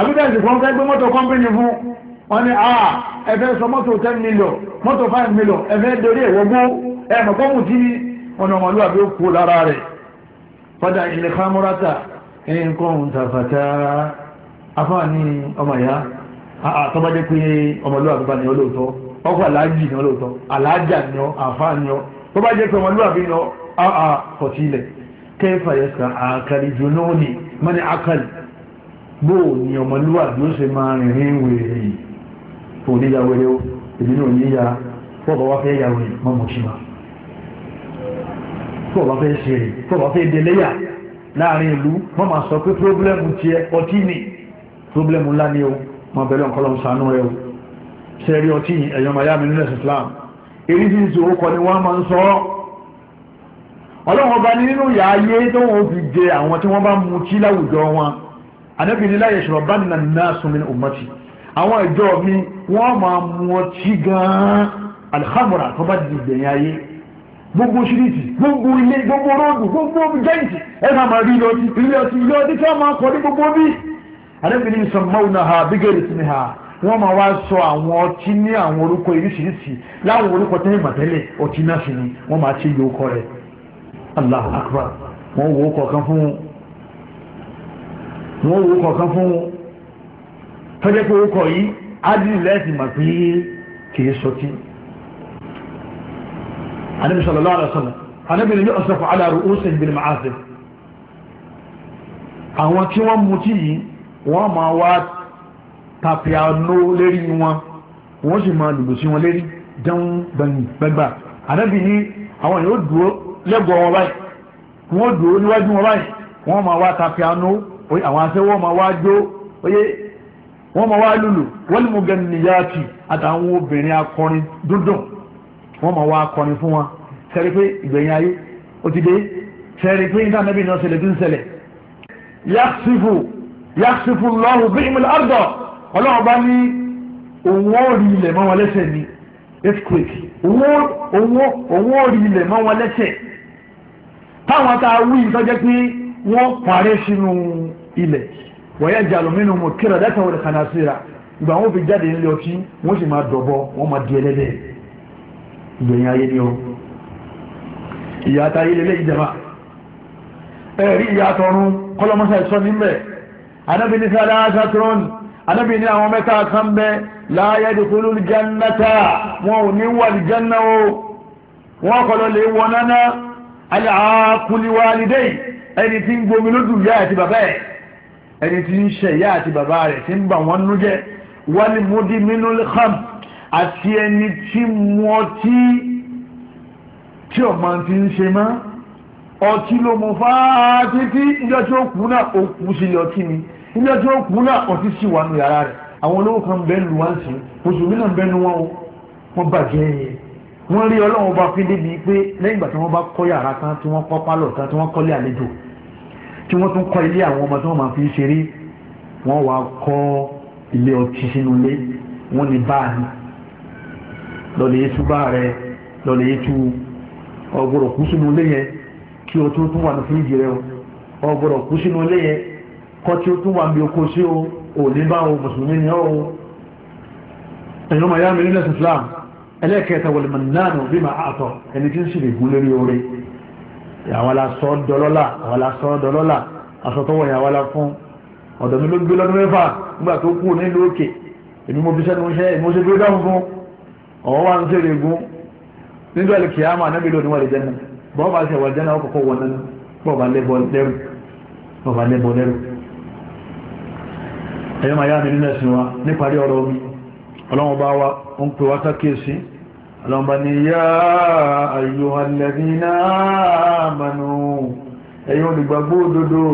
àbíkẹ́sì fún fẹ́ gbé mọ́tò kọ́mpínì fún wọn ni a ah, ẹfẹ́ sọ mọ́tò ten million mọ́tò five million ẹfẹ́ dorí ẹ̀wọ́gbó ẹ̀mọ̀ kọ́mù tí ọ̀nà ọmọlúwàbí ó kú lára rẹ̀ fọ́dà ilẹ̀ kámúrátà ẹ̀yìn kọ́hùn tàfàtà afáàní ọmọ ìyá àtọ́bájẹ́ ah, ah, pé ọmọlúwàbí bá ní olóòótọ́ ọkọ̀ aláàjì ní olóòótọ́ aláàjà ní ọ àfáàní ọ tó bá jẹ́ pé ọmọlúwàbí ní ọ àà fọ̀tílẹ̀ kẹfà yẹsà àkàrí jùnúùnì mọ́ni àkàrí bó o ní ọmọlúwàbí ó ṣe máa rìnrìn wèrè yìí kò níyà wèrè o èmi náà níyà fọ́ọ̀bà wá fẹ́ yà wèrè mọ́ mọ́ sí wa fọ́ọ̀bà fẹ́ ṣe rè fọ́ọ̀bà fẹ́ deléyà láàrin ìlú wọ́n máa sọ pé pírọ́blẹ́mù tiẹ̀ ọtí ni pírọ́blẹ́mù ńlá ni o máa bẹ̀rẹ̀ nǹkan lọ́n sànú rẹ o ṣe rí ọtí ẹ̀yọ́ miami nílẹ̀ Islam èyí tí ń sọ orúkọ ni wọ́n máa ń sọ ọ́ ọlọ́run ọba nínú ìyá ayé tó wọn fi jẹ àwọn tí wọ́n bá mutí láwùjọ wọn anabi nílá yẹ ṣọ̀rọ̀ bá nà náà sunmi ní ummati àwọn ìjọ mi wọ́n máa mú ọtí gan-an alhamura tó bá di ìgbẹ̀yìn ayé gbogbo ṣíríìtì gbogbo ilé gbogbo róòdù gbogbo jẹ́ǹtì ẹ máa máa rí ilé ọtí ilé ọtí ilé ọtí tí wọ́n máa kọ́ ní gbogbo bí anabi ní sọmọ́ọ̀nà ha bígẹ́rì sí ni ha wọ́n máa wá sọ àwọn ọtí ní àwọn orúkọ oríṣiríṣi láwọn orúkọ tẹ́lẹ̀ mọ̀tẹ́lẹ̀ ọtí náà sì ni wọ́n máa ṣe yòókọ rẹ̀ Allahu akbar wọ́n wò ó kọ̀ọ̀kan fún un wọ́n wò kọ̀ọ̀kan fún wọn tọ́jẹ́ pé orúkọ yìí ádìrì lẹ́ẹ̀sì mà pé kìí sọtí anabi sallallahu alaihi wasallam anabi ni yóò sọfọ aláàrú ọsẹn bin maase àwọn tí wọ́n mutí yìí wọ́n máa wá tapiano lérí wọn wọ́n sì máa dùgbò sí wọn lérí dánwó gbẹgbà anabi ni àwọn yóò dúró lẹ́gbọ̀ọ́ wọn báyìí wọ́n dúró níwájú wọn báyìí wọ́n máa wá tapiano àwọn aṣẹ́wọ́ máa wá jó oyé wọ́n máa wá lùlù wal muganiyati àtàwọn obìnrin akọrin dúndùn wọ́n máa wá akọrin fún wọn sẹ́rí pé ìgbẹ̀yìn ayé ó ti dé sẹ́rí pé nígbà níbi náà ṣẹlẹ̀ tó ń ṣẹlẹ̀ yaksifu yaksifu lọ́hùn bí ìmìlẹ̀ ọ̀dọ̀ ọlọ́run bá ní òun ó rí ilẹ̀ mọ́ wọn lẹ́sẹ̀ ni earthquake òun ó rí ilẹ̀ mọ́ wọn lẹ́sẹ̀ táwọn tá a wí ìtọ́jẹ́ pé wọ́n parẹ́ sínú ilẹ̀ wọ́yẹ́ jàlù mínú mu kíra dákẹ́ wọlé kanasira ìgbà wọn fi jáde nílé ọtí wọn sì máa dọ̀bọ wọn máa di ẹlẹ́dẹ̀ ìgbẹ̀yìn ayé ni o ìyàtà ilé ilé ìjàmà ẹ̀rí ìyàtọ̀ ọ̀run kọlọmọsà ìsọ níbẹ̀ anábì ní sáadà sátúrọ́n anábì ní àwọn mẹ́ta kan bẹ láàyè dùkúlù jannata wọn ò ní wà janna o wọn kọlọ lè wọnánà alẹ́ àkúliwálidẹ́ ẹni tí ń gbomi lójú ìyá àti bàbá ẹ̀ ẹni tí ń ṣe ìyá àti bàbá rẹ̀ tí ń bà wọ́n nú jẹ́ wálé múdí mínú lẹ́kàm àti ẹni tí mu ọtí tí ọmọ ti ń ṣe mọ́ ọtí ló mu fáá títí níjọ́ tí ó kú náà ó kú sí ilé ọtí ni níjọ́ tí ó kú náà ọtí sì wà nù yàrá rẹ̀ àwọn olówó kan bẹ́ẹ̀ lù wá sí mùsùlùmí náà bẹ́ẹ̀ nu wọn o wọ́n bàjẹ́ yẹn wọ́n rí ọlọ́run ọba fi débi pé lẹ́yìn ìgbà tí wọ́n bá kọ́ yàrá tán tí wọ́n kọ́ pálọ̀ tán tí wọ́n kọ́lé àlejò tí wọ́n tún kọ́ ilé àwọn ọmọ tí wọ́n máa fi ṣeré wọ́n wá kọ́ ilé ọtí sínú ilé wọ́n ní báàlì lọ́lẹ̀ yẹtu báà rẹ lọ́lẹ̀ yẹtu ọgbọ́dọ̀ kú sínú ilé yẹn kí o tún tún wà ní fíríjì rẹ o ọgbọ́dọ̀ kú sínú ilé yẹn kọ́ tí o tún wà ní oko sí o ò ní bá o mùsùlùmí ni o ẹ̀yọ́ màá yá mi nílẹ̀ Islam ẹlẹ́kẹ̀ẹ́ta wọlé mọ̀ nánà bí màá àtọ̀ ẹni tí ń sì lè gún lórí oore àwọn aláṣọ dọlọ́là àwọn aláṣọ dọlọ́là aṣọ tó wọ̀nyí àwọn aláfún ọ̀dọ̀ mi ló gbé lọ́dún mẹ́fà nígbà tó kú nílùú òkè èmi mo fi sẹ́nu iṣẹ́ èmi mo ṣe gbé dáhùn fún ọ̀wọ́ wa ń ṣèrè egun nígbà lè kíyàmà náà bílò níwà lè jẹ́ náà bọ́ọ̀ bá ṣe wà jẹ́ náà kọ̀kọ́ wọn náà bọ́ọ̀ bá lẹ́bọ̀ lẹ́rù bọ́ọ̀ bá lẹ́bọ̀ lẹ́rù ẹ̀yọ́ màá yá mi nínú ẹ̀sìn wa níparí ọ̀rọ̀ mi ọlọ́run bá wa ó ń pè wá sákèésí ọlọ́mọba ni yá ayò alẹ́dínà àmànù ẹ̀yin olùgbàgbọ́ òdodo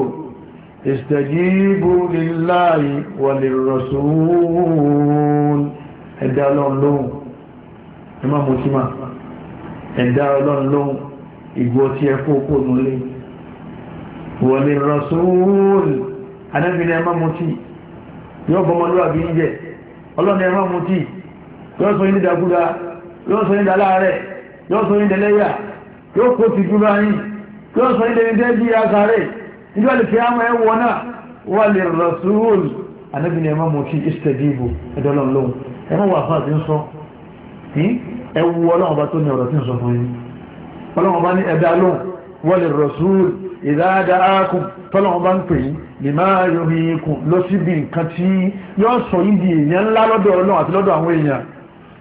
istajibu lillahi wa lirrasul ẹ̀dá ọlọ́run lóhùn ẹ má mú símà ẹ̀dá ọlọ́run lóhùn ìgbò tí ẹ kó kó nulẹ̀ wa lirrasul anábìnrin ẹ má mú tí yóò bọ́mọlúwàbí ń jẹ ọlọ́run ẹ má mú tí yóò sọ yín nídàkúdà yóò sọ ìdá láàrẹ̀ yóò sọ ìdá lẹ́yà yóò kó ti dúró yín yóò sọ ìdá ìdá bí àkàrẹ̀ nígbà lè fi àmọ́ ẹ náà wà lè rasul anábìnrin ẹ̀ máa mọ̀ kí istajibu ẹ̀dọ́ lọ́n lóhun ẹ máa wà fún àti ń sọ ẹ wu ọlọ́run ọba rasul ìdáadá ákùn tọ́lọ́run bá ń pè yín lè máa yọrin ikùn lọ síbi nǹkan tí yóò sọ yín di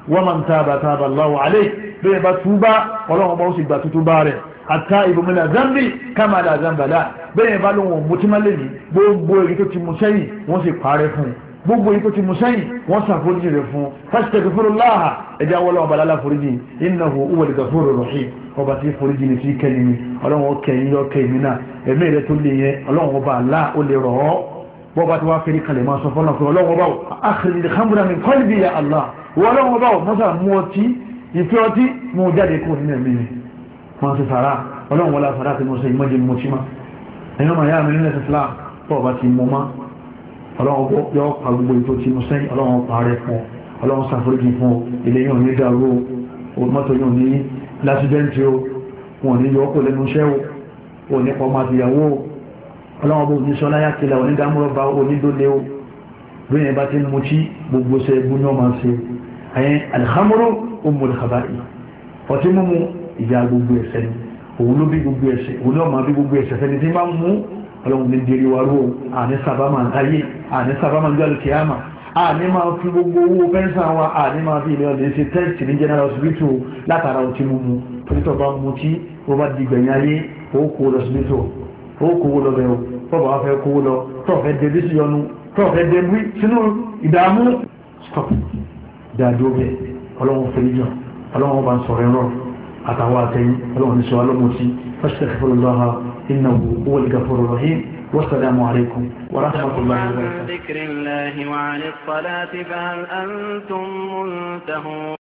wa man taba taba Allahu alayhi bẹ́ẹ̀ bá túbá ọlọ́run bá ó sì gbà tuntun bá rẹ̀ ata ibùmílà zambi kama la zambala bẹ́ẹ̀ bá lóun mutimale ni gbogbo èyí tó ti mú sẹ́yìn wọ́n sì parẹ́ fún un gbogbo èyí tó ti mú sẹ́yìn wọ́n ṣàforíjì rẹ̀ fún un fastaghfirullah ẹ̀jẹ̀ awọ́lọ́ ọba lálá foríjì innahu huwal ghafurur rahim ọba tí foríjì ni sí kẹ́ni mi ọlọ́run kẹ́yìn yọ kẹ́yìn mi náà ẹ̀mí rẹ̀ tó lè yẹn ọlọ́run ọba àlá ó lè rọ̀ ọ́ bọ́ba tí wàá fẹ́rí kalẹ̀ máa sọ fọ́nà pé ọlọ́run ọba akhrij al-khamra min qalbi ya Allah wọ́n lọ́wọ́ báwọ̀ mọ́sà mú ọtí ìfẹ́ ọtí mú jáde kó nínú ẹ̀mí mi wọ́n ti sàrà ọlọ́run wọlé àfàrà tí mo ṣe ìmọ̀jẹ mo ti ma ẹ̀yọ́ màá yá mi nílẹ̀ sísílá tó ọba ti mọ ma ọlọ́run yọ mo sẹ́yìn ọlọ́run parẹ́ fún ọlọ́run ṣàforíjì fún ilé yóò ní dàrú o mọ́tò yóò ní lásìdẹ́ǹtì o wọn ò ní yọ ọkọ̀ lẹ́nu iṣẹ́ o bó ní sọlá yá kila bá onídólé o bí yẹn bá ti mutí gbogbo ṣe é bú ṣe ẹ̀yìn alhamuru umul khaba'i ọtí mímu ìyá gbogbo ẹ̀ṣẹ̀ ni òun ló bí gbogbo ẹ̀ṣẹ̀ òun ló máa bí gbogbo ẹ̀ṣẹ̀ fẹ́ni tí máa ń mú ọlọ́run ní dèrè wa ró àní sábà máa ń ayé àní sábà máa ń gbàlù kíámà àní máa fi gbogbo owó pẹ́ńsà wa àní máa fi ìlera lè ṣe tẹ́sítì ní general hospital látara ọtí mímu pẹ̀lú bá mu tí ó bá di gbẹ̀yìn ayé ó kó lọ hospital ó kó lọ bẹ̀rù tọ́ba wa fẹ́ kó lọ tọ́ọ̀fẹ́ dé bí sí yọnu tọ́ọ̀fẹ́ dé bí sínú ìdààmú stop dáadúró bẹ́ẹ̀ ọlọ́run fẹ́rí jàn ọlọ́run bá ń sọ̀rọ̀ ẹ̀rọ àtàwọn àtẹ̀yìn ọlọ́run ní sọ alọ́mọtí fastagfirullaha innahu huwal ghafurur rahim والسلام عليكم ورحمة الله وبركاته عن ذكر الله وعن الصلاة فهل أنتم منتهون